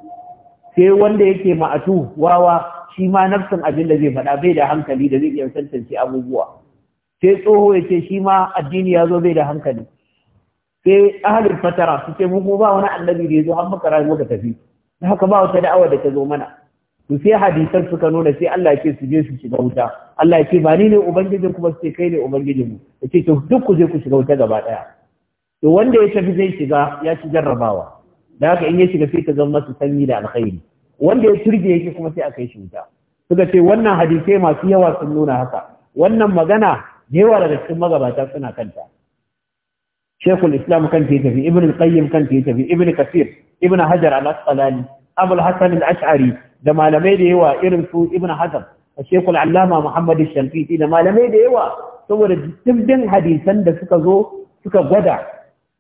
A: sai wanda yake ma'atu wawa shi ma nafsan abin da zai faɗa bai da hankali da zai iya tantance abubuwa sai tsoho ya ce shi ma addini ya zo bai da hankali sai ahalin fatara su ce mu ba wani annabi da ya zo har muka rayu tafi da haka ba wata da'awa da ta zo mana to sai hadisan suka nuna sai Allah ya ce su je su shiga wuta Allah ya ce ba ni ne ubangijin kuma su ce kai ne ubangijin mu ya ce to duk ku je ku shiga wuta gaba daya to wanda ya tafi zai shiga ya ci jarrabawa da haka in ya shiga sai ka zama su sanyi da alkhairi wanda ya turge yake kuma sai a kai shi wuta suka ce wannan hadisai masu yawa sun nuna haka wannan magana da yawa daga cikin magabata suna kanta shekul islam kan ta tafi ibn kan ta tafi ibn kasir ibn hajar al-asqalani abul hasan al-ash'ari da malamai da yawa irin su ibn hajar shekul allama muhammad al da malamai da yawa saboda dimbin hadisan da suka zo suka gwada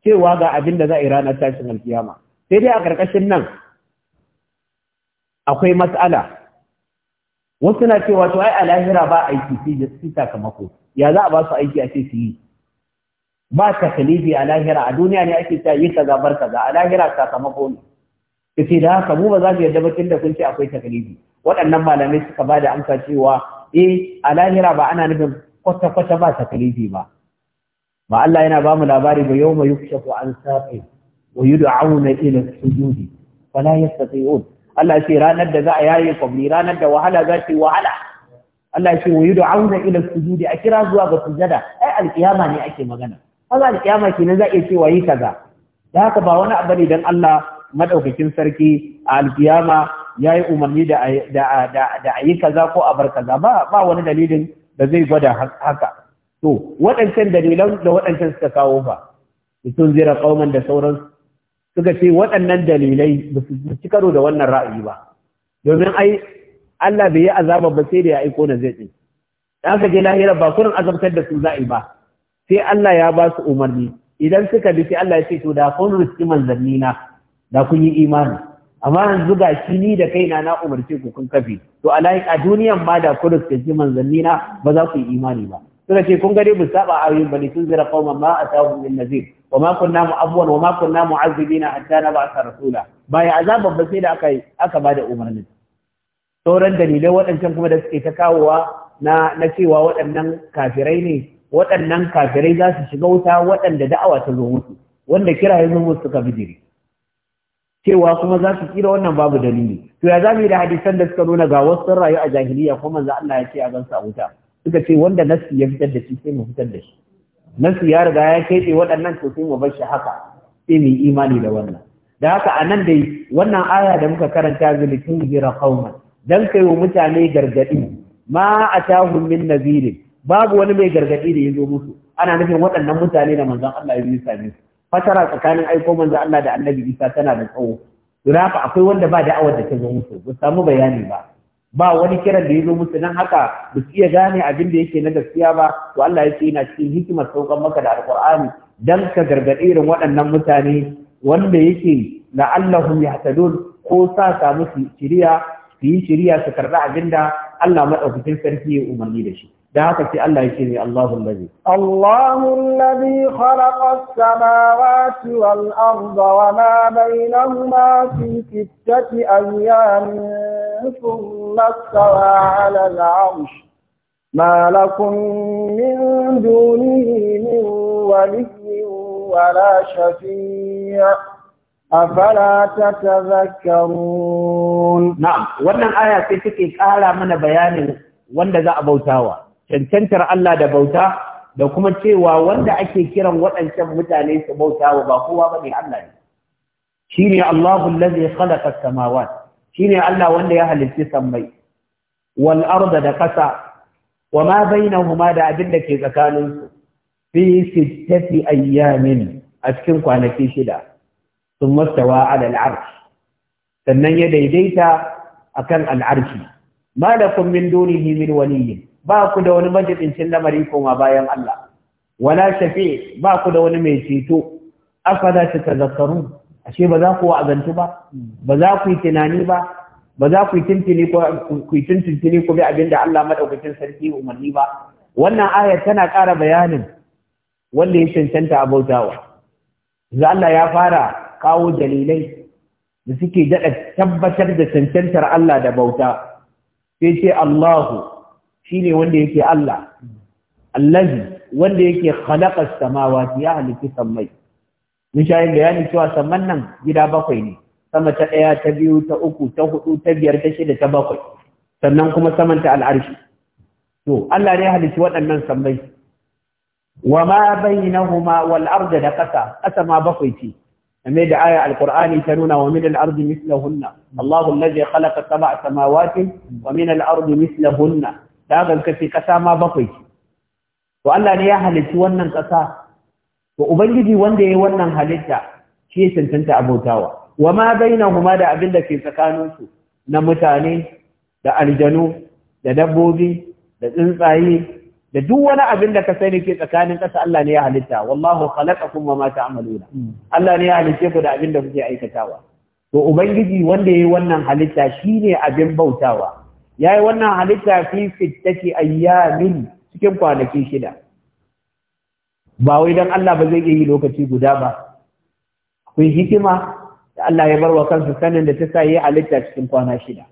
A: cewa ga abin da za a yi ranar tashin alkiyama sai dai a ƙarƙashin nan akwai matsala wasu na cewa to ai a lahira ba aiki sai da su sakamako ya za a ba su aiki a ce su yi ba takalifi a lahira a duniya ne ake cewa yi kaza bar kaza a lahira sakamako ne kace da haka mu ba za mu yarda ba tunda kun ce akwai takalifi waɗannan malamai suka ba da amsa cewa eh a lahira ba ana nufin kwata kwata ba takalifi ba ba Allah yana ba mu labari ba mai yukshafu an saqi wa yud'auna ila sujudi wala yastati'un Allah ce ranar da za a yaye kwamni ranar da wahala za ta yi wahala Allah ce da yud'auna ila sujudi a kira zuwa ga sujada ai alkiyama ne ake magana kaga alkiyama kenan za a ce cewa yi kaza da haka ba wani abu ne dan Allah madaukakin sarki a alkiyama yayi umarni da da da a yi kaza ko a bar kaza ba ba wani dalilin da zai gwada haka to waɗancan dalilan da waɗancan suka kawo ba mutum zira kauman da sauransu suka ce waɗannan dalilai ba su ci karo da wannan ra'ayi ba domin ai Allah bai yi azaba ba sai da ya aiko na zai da aka je lahira ba kurin azabtar da su za'i ba sai Allah ya ba su umarni idan suka bi sai Allah ya ce to da kun riski manzannina da kun yi imani amma an zuga shi ni da kaina na umarce ku kun kafi to a duniyan ma da kun riski manzanni na ba za ku yi imani ba suka ce kun gare mu saba ayoyin bane sun zira qauman ma atahum min nazir wa ma kunna mu'abwan wa ma kunna mu'azzibina hatta na ba'atha rasula ba ya azaban ba sai da aka aka bada umarnin sauran dalilai waɗancan kuma da suke ta kawowa na na cewa waɗannan kafirai ne waɗannan kafirai za su shiga wuta waɗanda da'awa ta zo musu wanda kira ya zo musu suka bijiri cewa kuma za su kira wannan babu dalili to ya zamu da hadisan da suka nuna ga wasu rayu a jahiliya kuma manzo Allah ya ce a gansa a wuta suka ce wanda nasi ya fitar da shi sai mu fitar da shi nasu ya riga ya keɓe waɗannan to sai mu shi haka sai mu imani da wannan da haka a nan dai wannan aya da muka karanta zilikin jira qauman dan kai wa mutane gargadi ma atahum min nazir babu wani mai gargadi da ya zo musu ana nufin waɗannan mutane da manzon Allah ya yi ne fatara tsakanin aiko manzon Allah da Annabi Isa tana da tsawo don haka akwai wanda ba da'awar da ta zo musu ba samu bayani ba ba wani kiran da ya zo musu nan haka ba su iya gane abin da yake na gaskiya ba to Allah ya ce yana cikin hikimar saukan maka da alqur'ani dan ka gargaɗe irin waɗannan mutane wanda yake la'allahum yahtadun ko sa samu shiriya su yi shiriya su karɓi abin da Allah madaukakin sarki ya umarni da shi da haka sai Allah yake ne Allahu allazi
B: Allahu allazi khalaqa as wa wal arda wa ma bainahuma fi sittati ayyamin thumma istawa 'ala al-'arsh ma lakum min dunihi min waliyyin wala shafi'a
A: afala tatazakkarun na'am wannan aya sai take ƙara mana bayanin wanda za a bautawa cancantar Allah da bauta da kuma cewa wanda ake kiran waɗancan mutane su bauta wa ba kowa ba ne Allah ne shi ne Allahu allazi khalaqa samawat shi ne Allah wanda ya halitta sammai wal arda da ƙasa wa ma bainahuma da abin da ke tsakaninsu fi sittati ayyamin a cikin kwanaki shida sun mastawa ala al'arsh sannan ya daidaita akan al'arshi ma lakum min dunihi min waliyyin ba ku da wani majibincin lamari koma bayan Allah wala shafi ba ku da wani mai ceto aka za ta zakaru, ashe ba za ku azantu ba ba za ku yi tunani ba ba za ku yi tuntuni ku yi tuntuni ko bi abinda Allah madaukakin sarki umarni ba wannan ayar tana ƙara bayanin wanda ya cancanta a bautawa za Allah ya fara kawo dalilai da suke daɗa tabbatar da cancantar Allah da bauta sai ce Allahu shine wanda yake Allah allazi wanda yake halakar samawati ya halittu sammai nishayin yin bayani cewa samman nan gida bakwai ne sama ta ɗaya ta biyu ta uku ta hudu ta biyar ta shida ta bakwai sannan kuma saman ta al'arshi to Allah ne ya halitta waɗannan sammai wa ma bainahuma wal arda da kasa Ƙasa ma bakwai ce game da aya alqur'ani ta nuna wa min al ardi mislahunna Allahu ya khalaqa sama samawatin wa min al ardi mislahunna ta ga kasa ma bakwai to Allah ne ya halitta wannan kasa to ubangiji wanda yayi wannan halitta shi ya tantanta abotawa wama bainahuma da abin da ke tsakanin su na mutane da aljanu da dabbobi da tsuntsaye da duk wani abin da ka sani ke tsakanin kasa Allah ne ya halitta wallahu khalaqakum wama ta'maluna hmm. Allah ne ya halice ku da abin da kuke aikatawa to ubangiji wanda yi wannan halitta shine abin bautawa ya yi wannan halitta fi fittati ayyamin cikin kwanaki shida ba wai don Allah ba zai iya yi lokaci guda ba akwai hikima da Allah ya bar wa kansa sanin da ta sa yi halitta cikin kwana shida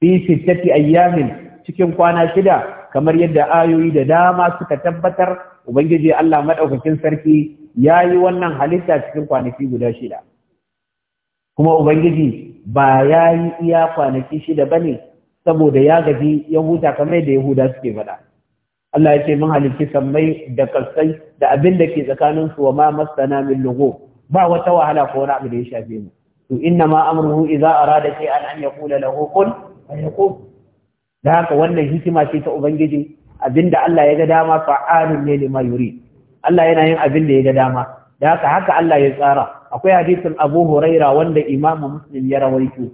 A: fi fittati ayyamin cikin kwana shida kamar yadda ayoyi da dama suka tabbatar ubangiji Allah madaukakin sarki ya yi wannan halitta cikin kwanaki guda shida kuma ubangiji ba ya yi iya kwanaki shida bane saboda ya gaji yahuda kamar da yahuda suke faɗa Allah ya ce mun halicci sammai da kasai da abin da ke tsakanin su wa ma masana min lugo ba wata wahala ko wani abu da ya shafe mu to inna ma amruhu idza arada shay'an an yaqula lahu kun fayakun da haka wannan hikima ce ta ubangiji abinda Allah ya ga dama fa'alun ne lima yuri Allah yana yin abin da ya ga dama da haka haka Allah ya tsara akwai hadisin Abu Huraira wanda Imam Muslim ya rawaito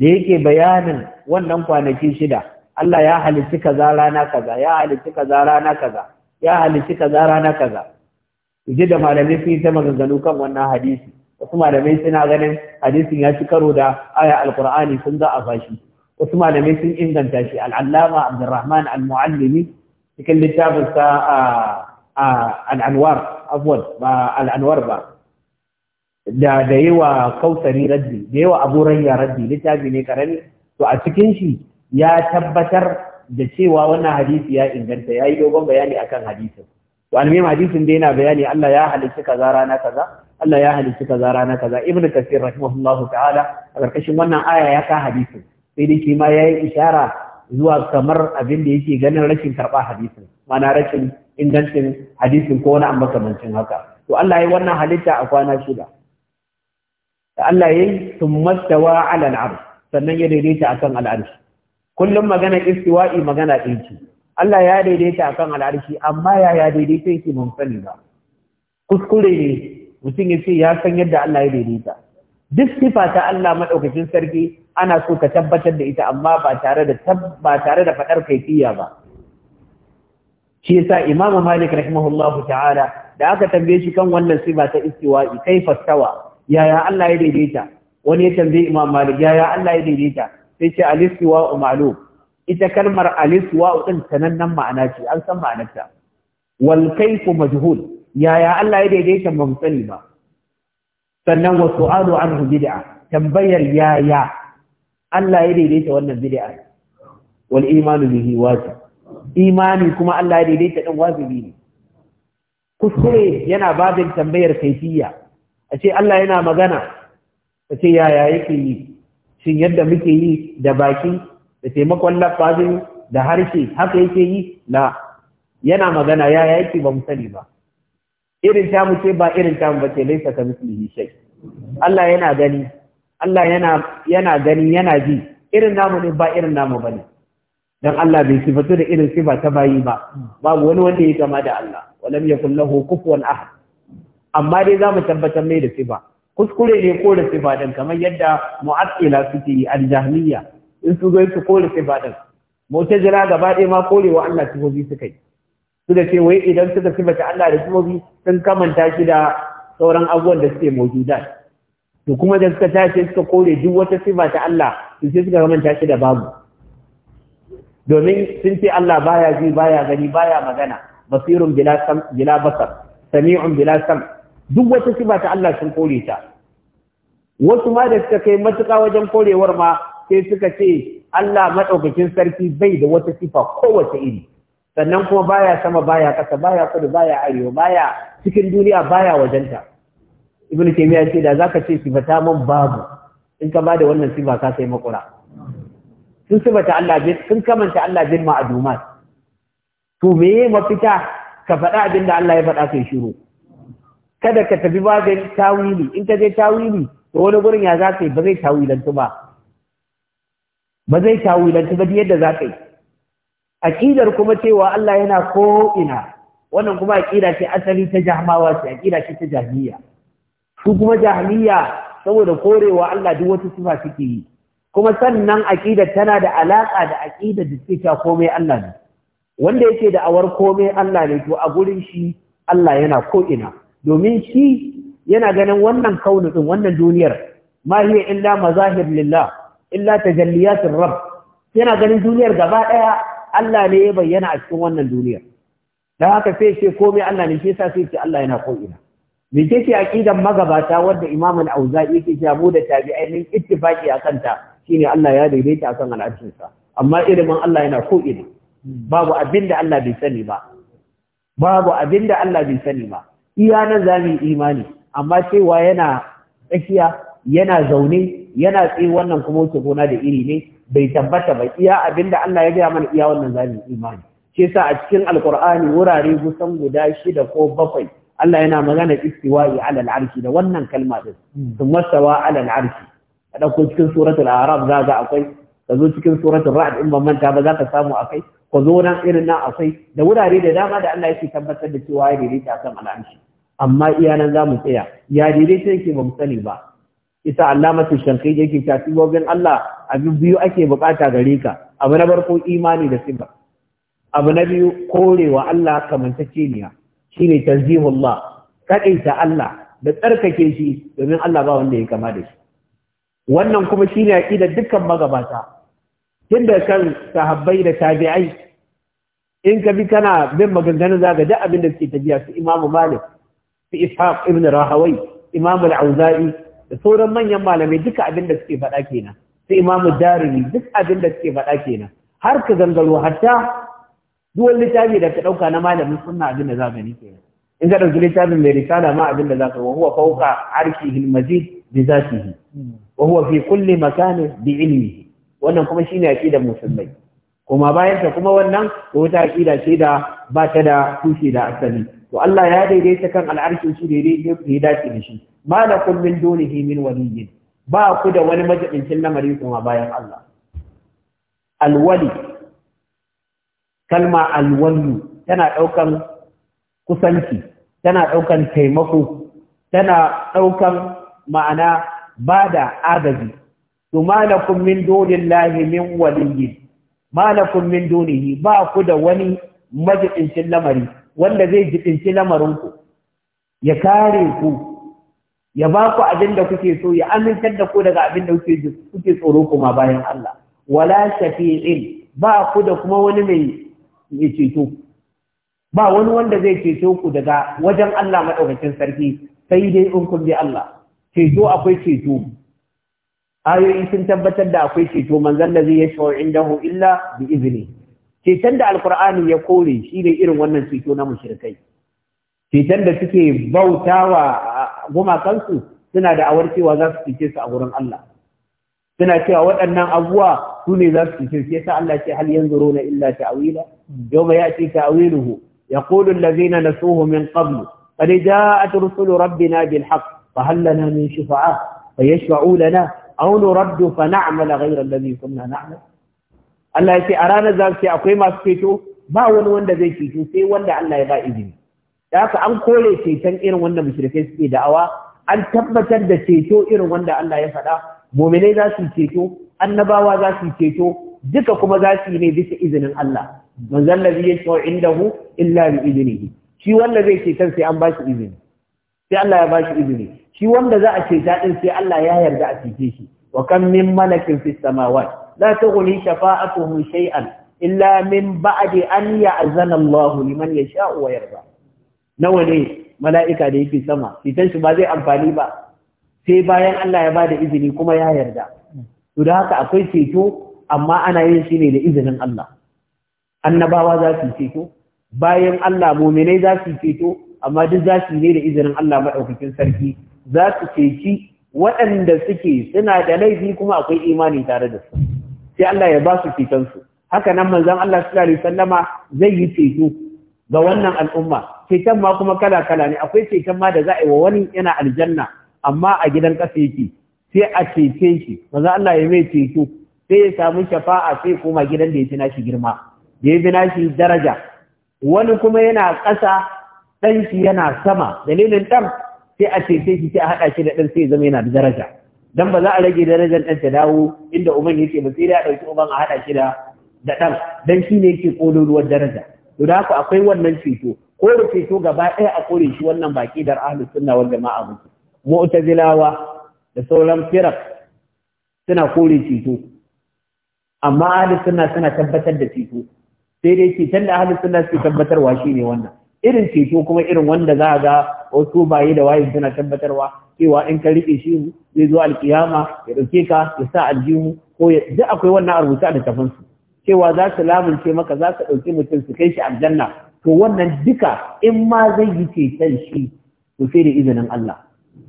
A: da yake bayanin wannan kwanaki shida Allah ya halitti kaza rana kaza ya halitti kaza rana kaza ya halitti kaza rana kaza yaje da malamai sun yi ta maganganu kan wannan hadisi wasu malamai suna ganin hadisin ya ci karo da aya alqur'ani sun za a fashi wasu malamai sun inganta shi al'allama abdurrahman al-muallimi cikin littafin sa a ah, ah, al'anwar afwan ba al'anwar ba da da yawa kautari raddi da yawa Aburayya rayya raddi littafi ne karami to a cikin shi ya tabbatar da cewa wannan hadisi ya inganta ya yi dogon bayani akan hadisin to almuhim hadisin da yana bayani Allah ya halicci kaza rana kaza Allah ya halicci kaza rana kaza ibnu kasir rahimahullahu ta'ala a karkashin wannan aya ya ka hadisin sai dai shi ma yayi ishara zuwa kamar abin da yake ganin rashin karba hadisin mana rashin ingancin hadisin ko wani an haka to Allah ya wannan halitta a kwana shida da Allah yayi summastawa ala al-arsh sannan ya daidaita akan al-arsh kullum magana istiwa'i magana ɗin ce Allah ya daidaita akan al-arshi amma ya ya daidaita yake mun sani ba kuskure ne mutum ya ce ya san yadda Allah ya daidaita duk sifa ta Allah madaukakin sarki ana so ka tabbatar da ita amma ba tare da ba tare da fadar kaifiya ba shi yasa Imam Malik rahimahullahu ta'ala da aka tambaye shi kan wannan sifa ta istiwa'i kaifa stawa yaya Allah ya daidaita wani ya tambayi Imam Malik yaya Allah ya daidaita sai ce al-istiwa ma'lum ita kalmar al-istiwa din sanannen ma'ana ce an san ma'anarta wal kayfu majhul yaya Allah ya daidaita ba mu sani ba sannan wa su'alu anhu bid'a tambayar yaya Allah ya daidaita wannan bid'a wal imanu bihi wajib imani kuma Allah ya daidaita din wajibi ne kuskure yana babin tambayar kaifiyya a ce Allah yana magana a ce yaya yake yi shin yadda muke yi da baki da taimakon lafazin da harshe haka yake yi la yana magana yaya yake ba mu sani ba irin tamu ce ba irin tamu ba ce laisa ka mislihi shai. Allah yana gani Allah yana yana gani yana ji irin namu ne ba irin namu bane dan Allah bai sifatu da irin sifa ta bayi ba babu wani wanda ya kama da Allah walam yakul lahu kufuwan ahad amma dai za mu tabbatar mai da sifa kuskure ne ko da sifa din kamar yadda mu'attila suke yi aljahmiya in su zo su kore sifa din mu'tazila gaba ɗaya ma korewa Allah sifofi suka yi Su da ce wai idan suka sifa ta Allah da sifofi sun kamanta shi da sauran abubuwan da suke mawjudan to kuma da suka tashi suka kore duk wata sifa ta Allah su sai suka kamanta shi da babu domin sun ce Allah baya ji baya gani baya magana basirun bila bila basar sami'un bila sam' duk wata sifa ta Allah sun kore ta wasu ma da suka kai matuƙa wajen korewar ma sai suka ce Allah maɗaukakin sarki bai da wata sifa kowace iri sannan kuma baya sama baya ƙasa baya kudu baya arewa baya cikin duniya baya wajenta ibn taymiya ce da zaka ce ta man babu in ka bada wannan sifa ka sai makura sun ta Allah bin sun kamanta Allah bin ma'adumat to meye mafita ka faɗa abin da Allah ya faɗa sai shiru kada ka tafi maganin tawili in ka je tawili to wani gurin ya za ka yi ba zai tawilantu ba ba zai tawilantu ba yadda za ka yi aƙidar kuma cewa Allah yana ko ina wannan kuma aƙida ce asali ta jahmawa ce aƙida ce ta jahiliya su kuma jahiliya saboda korewa Allah duk wata sifa suke yi kuma sannan aƙidar tana da alaƙa da aƙidar da suke ta komai Allah ne wanda yake da awar komai Allah ne to a gurin shi Allah yana ko ina domin shi yana ganin wannan kaunu din wannan duniyar ma hiya illa mazahir lillah illa tajalliyatir rabb yana ganin duniyar gaba daya Allah ne ya bayyana a cikin wannan duniyar dan haka sai ce komai Allah ne shi yasa sai ce Allah yana koina ina me ce aqidan magabata wanda Imam Al-Auza'i yake shamo da tabi'ai min ittifaqi akan ta shine Allah ya daidaita akan al'arshin sa amma ilimin Allah yana ko'ina. babu abinda Allah bai sani ba babu abinda Allah bai sani ba iya nan za mu imani amma cewa yana tsakiya yana zaune yana tsaye wannan kuma wuce gona da iri ne bai tabbata ba iya abinda Allah ya gaya mana iya wannan za mu imani ke sa a cikin alkur'ani wurare kusan guda shida ko bakwai Allah yana magana istiwa'i ala al'arshi da wannan kalma din hmm. tumastawa ala al'arshi a dauko cikin suratul a'raf za ga akwai ka zo cikin suratun ra'd in ban manta ba za ka samu akai ka zo nan irin nan akwai da wurare da dama da Allah yake tabbatar da cewa ya daidaita kan al'arshi amma iya nan za mu tsaya ya daidai ta yake ba mu sani ba isa Allah masu shankai yake shafi wajen Allah abin biyu ake bukata gare ka abu na farko imani da siba abu na biyu korewa Allah kamantaceniya shine tanzihullah kadaita Allah da tsarkake shi domin Allah ba wanda ya kama da shi wannan kuma shine aqida dukkan magabata tunda kan sahabbai da tabi'ai in ka bi kana bin maganganun zaka da abin da suke tafiya su imamu Malik su ishaq ibn rahawai imam al-auza'i da sauran manyan malamai duka abin da suke faɗa kenan su imam darimi duk abin da suke faɗa kenan har ka gangaro hatta duk wani littafi da ka ɗauka na malamin sunna abin da za ka ni kenan in ka ɗauki littafin mai risala ma abin da za ka wa huwa fawqa arshihi al-mazid bi zatihi wa fi kulli makanin bi ilmihi wannan kuma shine aqidar musulmai kuma bayan ta kuma wannan ko ta aqida ce da ba ta da tushe da asali to Allah ya daidaita kan al'arshin shi daidai da ya dace da shi Ma kun min dunihi min waliyyin ba ku da wani majibincin lamari kuma bayan Allah alwali kalma alwali tana daukan kusanci tana daukan taimako tana daukan ma'ana ba da agaji to ma kun min dunillahi min waliyyin kun min dunihi ba ku da wani majibincin lamari wanda zai jibinci lamarinku ya kare ku ya ba ku abin da kuke so ya amintar da ku daga abin da kuke tsoro kuma bayan Allah wala shafi'in ba ku da kuma wani mai ceto ba wani wanda zai ceto ku daga wajen Allah madaukakin sarki sai dai in kun bi Allah ceto akwai ceto ayoyi sun tabbatar da akwai ceto manzon da zai yashu indahu illa bi iznihi ceton da alqur'ani ya kore shi ne irin wannan ceto na mushrikai ceton da suke bautawa goma kansu suna da awar cewa za su cike su a gurin Allah suna cewa waɗannan abuwa su ne za su cike su yasa Allah ce hal yanzuruna illa ta'wila yawma ya'ti ta'wiluhu yaqulu allazina nasuhu min qabl qad ja'at rusulu rabbina bil haqq fa hal lana min shufa'a fa yashfa'u lana aw nuraddu fa na'mal ghayra alladhi kunna na'mal Allah ya ce a ranar za su ce akwai masu ceto ba wani wanda zai ceto sai wanda Allah ya ba izini da haka an kore ceton irin wanda mushrikai suke da'awa an tabbatar da ceto irin wanda Allah ya faɗa mu'minai za su ceto annabawa za su ceto duka kuma za su yi ne bisa izinin Allah manzon ladhi yashfa'u indahu illa bi izini. shi wanda zai ceton sai an ba shi izini sai Allah ya ba shi izini shi wanda za a ceta din sai Allah ya yarda a cece shi wa kan min malakin fis samawati la tughni shafa'atuhum shay'an illa min ba'di an ya'zana Allah liman yasha'u wa yarda nawa ne mala'ika da yake sama fitan shi ba zai amfani ba sai bayan Allah ya bada izini kuma ya yarda to da haka akwai ceto amma ana yin shi ne da izinin Allah annabawa za su ceto bayan Allah mu'minai za su ceto amma duk za su ne da izinin Allah maɗaukakin sarki za su ceci waɗanda suke suna da laifi kuma akwai imani tare da su sai Allah ya ba su ceton su haka nan manzon Allah sallallahu alaihi wasallama zai yi ceto ga wannan al'umma ceton ma kuma kala kala ne akwai ceton ma da za a yi wa wani yana aljanna amma a gidan ƙasa yake sai a cece shi manzon Allah ya mai ceto sai ya samu shafa'a sai koma gidan da ya fi nashi girma da ya fi nashi daraja wani kuma yana ƙasa ɗan shi yana sama dalilin ɗan sai a cece shi sai a haɗa shi da ɗan sai ya zama yana da daraja dan ba za a rage darajar ɗan ta dawo inda uban yake ba sai da ya ɗauki uban a haɗa shi da ɗan dan shi ne yake ƙolo ruwan daraja to da haka akwai wannan ceto ko da ceto gaba ɗaya a kore shi wannan baki da ahlus sunna wal jama'a muke mu'tazilawa da sauran firak suna kore ceto amma ahlus sunna suna tabbatar da ceto sai dai ceton da ahlus sunna suke tabbatarwa shine wannan irin ceto kuma irin wanda za a ga wasu baye da wayin suna tabbatarwa cewa in ka riƙe shi zai zo alkiyama ya ɗauke ka ya sa aljihu ko ya duk akwai wannan a rubuta da tafin su cewa za su lamunce maka za su ɗauki mutum su kai shi aljanna to wannan duka in ma zai yi ceton shi to sai da izinin Allah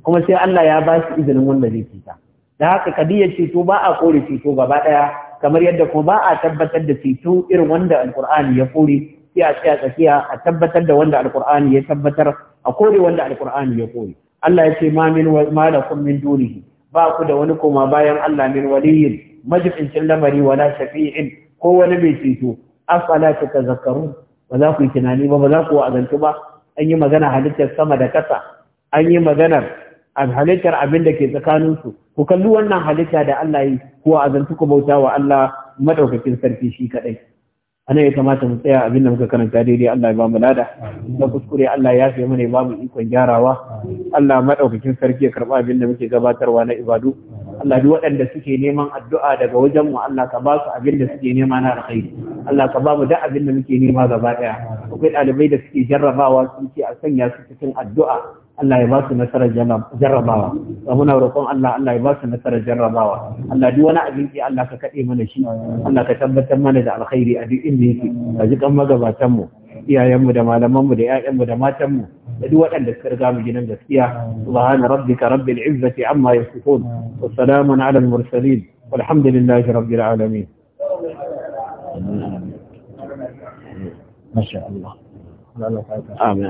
A: kuma sai Allah ya ba shi izinin wanda zai fita. da haka kadiyar ceto ba a kore ceto gaba ɗaya kamar yadda kuma ba a tabbatar da ceto irin wanda alkur'ani ya kore sai a tsaya tsakiya a tabbatar da wanda alkur'ani ya tabbatar a kore wanda alkur'ani ya kore Allah ya ce ma min ma lakum min dunihi ba ku da wani koma bayan Allah min waliyin majibincin lamari wala shafi'in ko wani mai ceto afala tazakkarun ba za ku yi tunani ba ba za ku wa'azantu ba an yi magana halittar sama da kasa an yi maganar halittar abin da ke tsakaninsu ku kalli wannan halitta da Allah yi ku wa'azantu ku bauta wa Allah madaukakin sarki shi kadai anan ya kamata mu tsaya abinda muka karanta daidai Allah ya bamu lada da kuskure Allah ya fi mana babu ikon gyarawa Allah madaukakin sarki ya karba da muke gabatarwa na ibadu Allah duk waɗanda suke neman addu'a daga wajen mu Allah ka ba su da suke nema na alkhairi Allah ka ba abin da abinda muke nema gaba daya akwai ɗalibai da suke jarrabawa sun ce a sanya su cikin addu'a الله يبارك في مسار الجرب وهنا رقم الله الله يبارك في مسار الجرب الله دي وانا اجي في الله كتي من شي الله كتبت من ذا الخير ادي اني في اجي كما غباتمو يا يا مو ده مالمن مو ده يا مو ده ماتمو دي وادن ده كرغا مي جنن غسيا ربك رب العزه عما يصفون والسلام على المرسلين والحمد لله رب العالمين
B: ما شاء الله آمين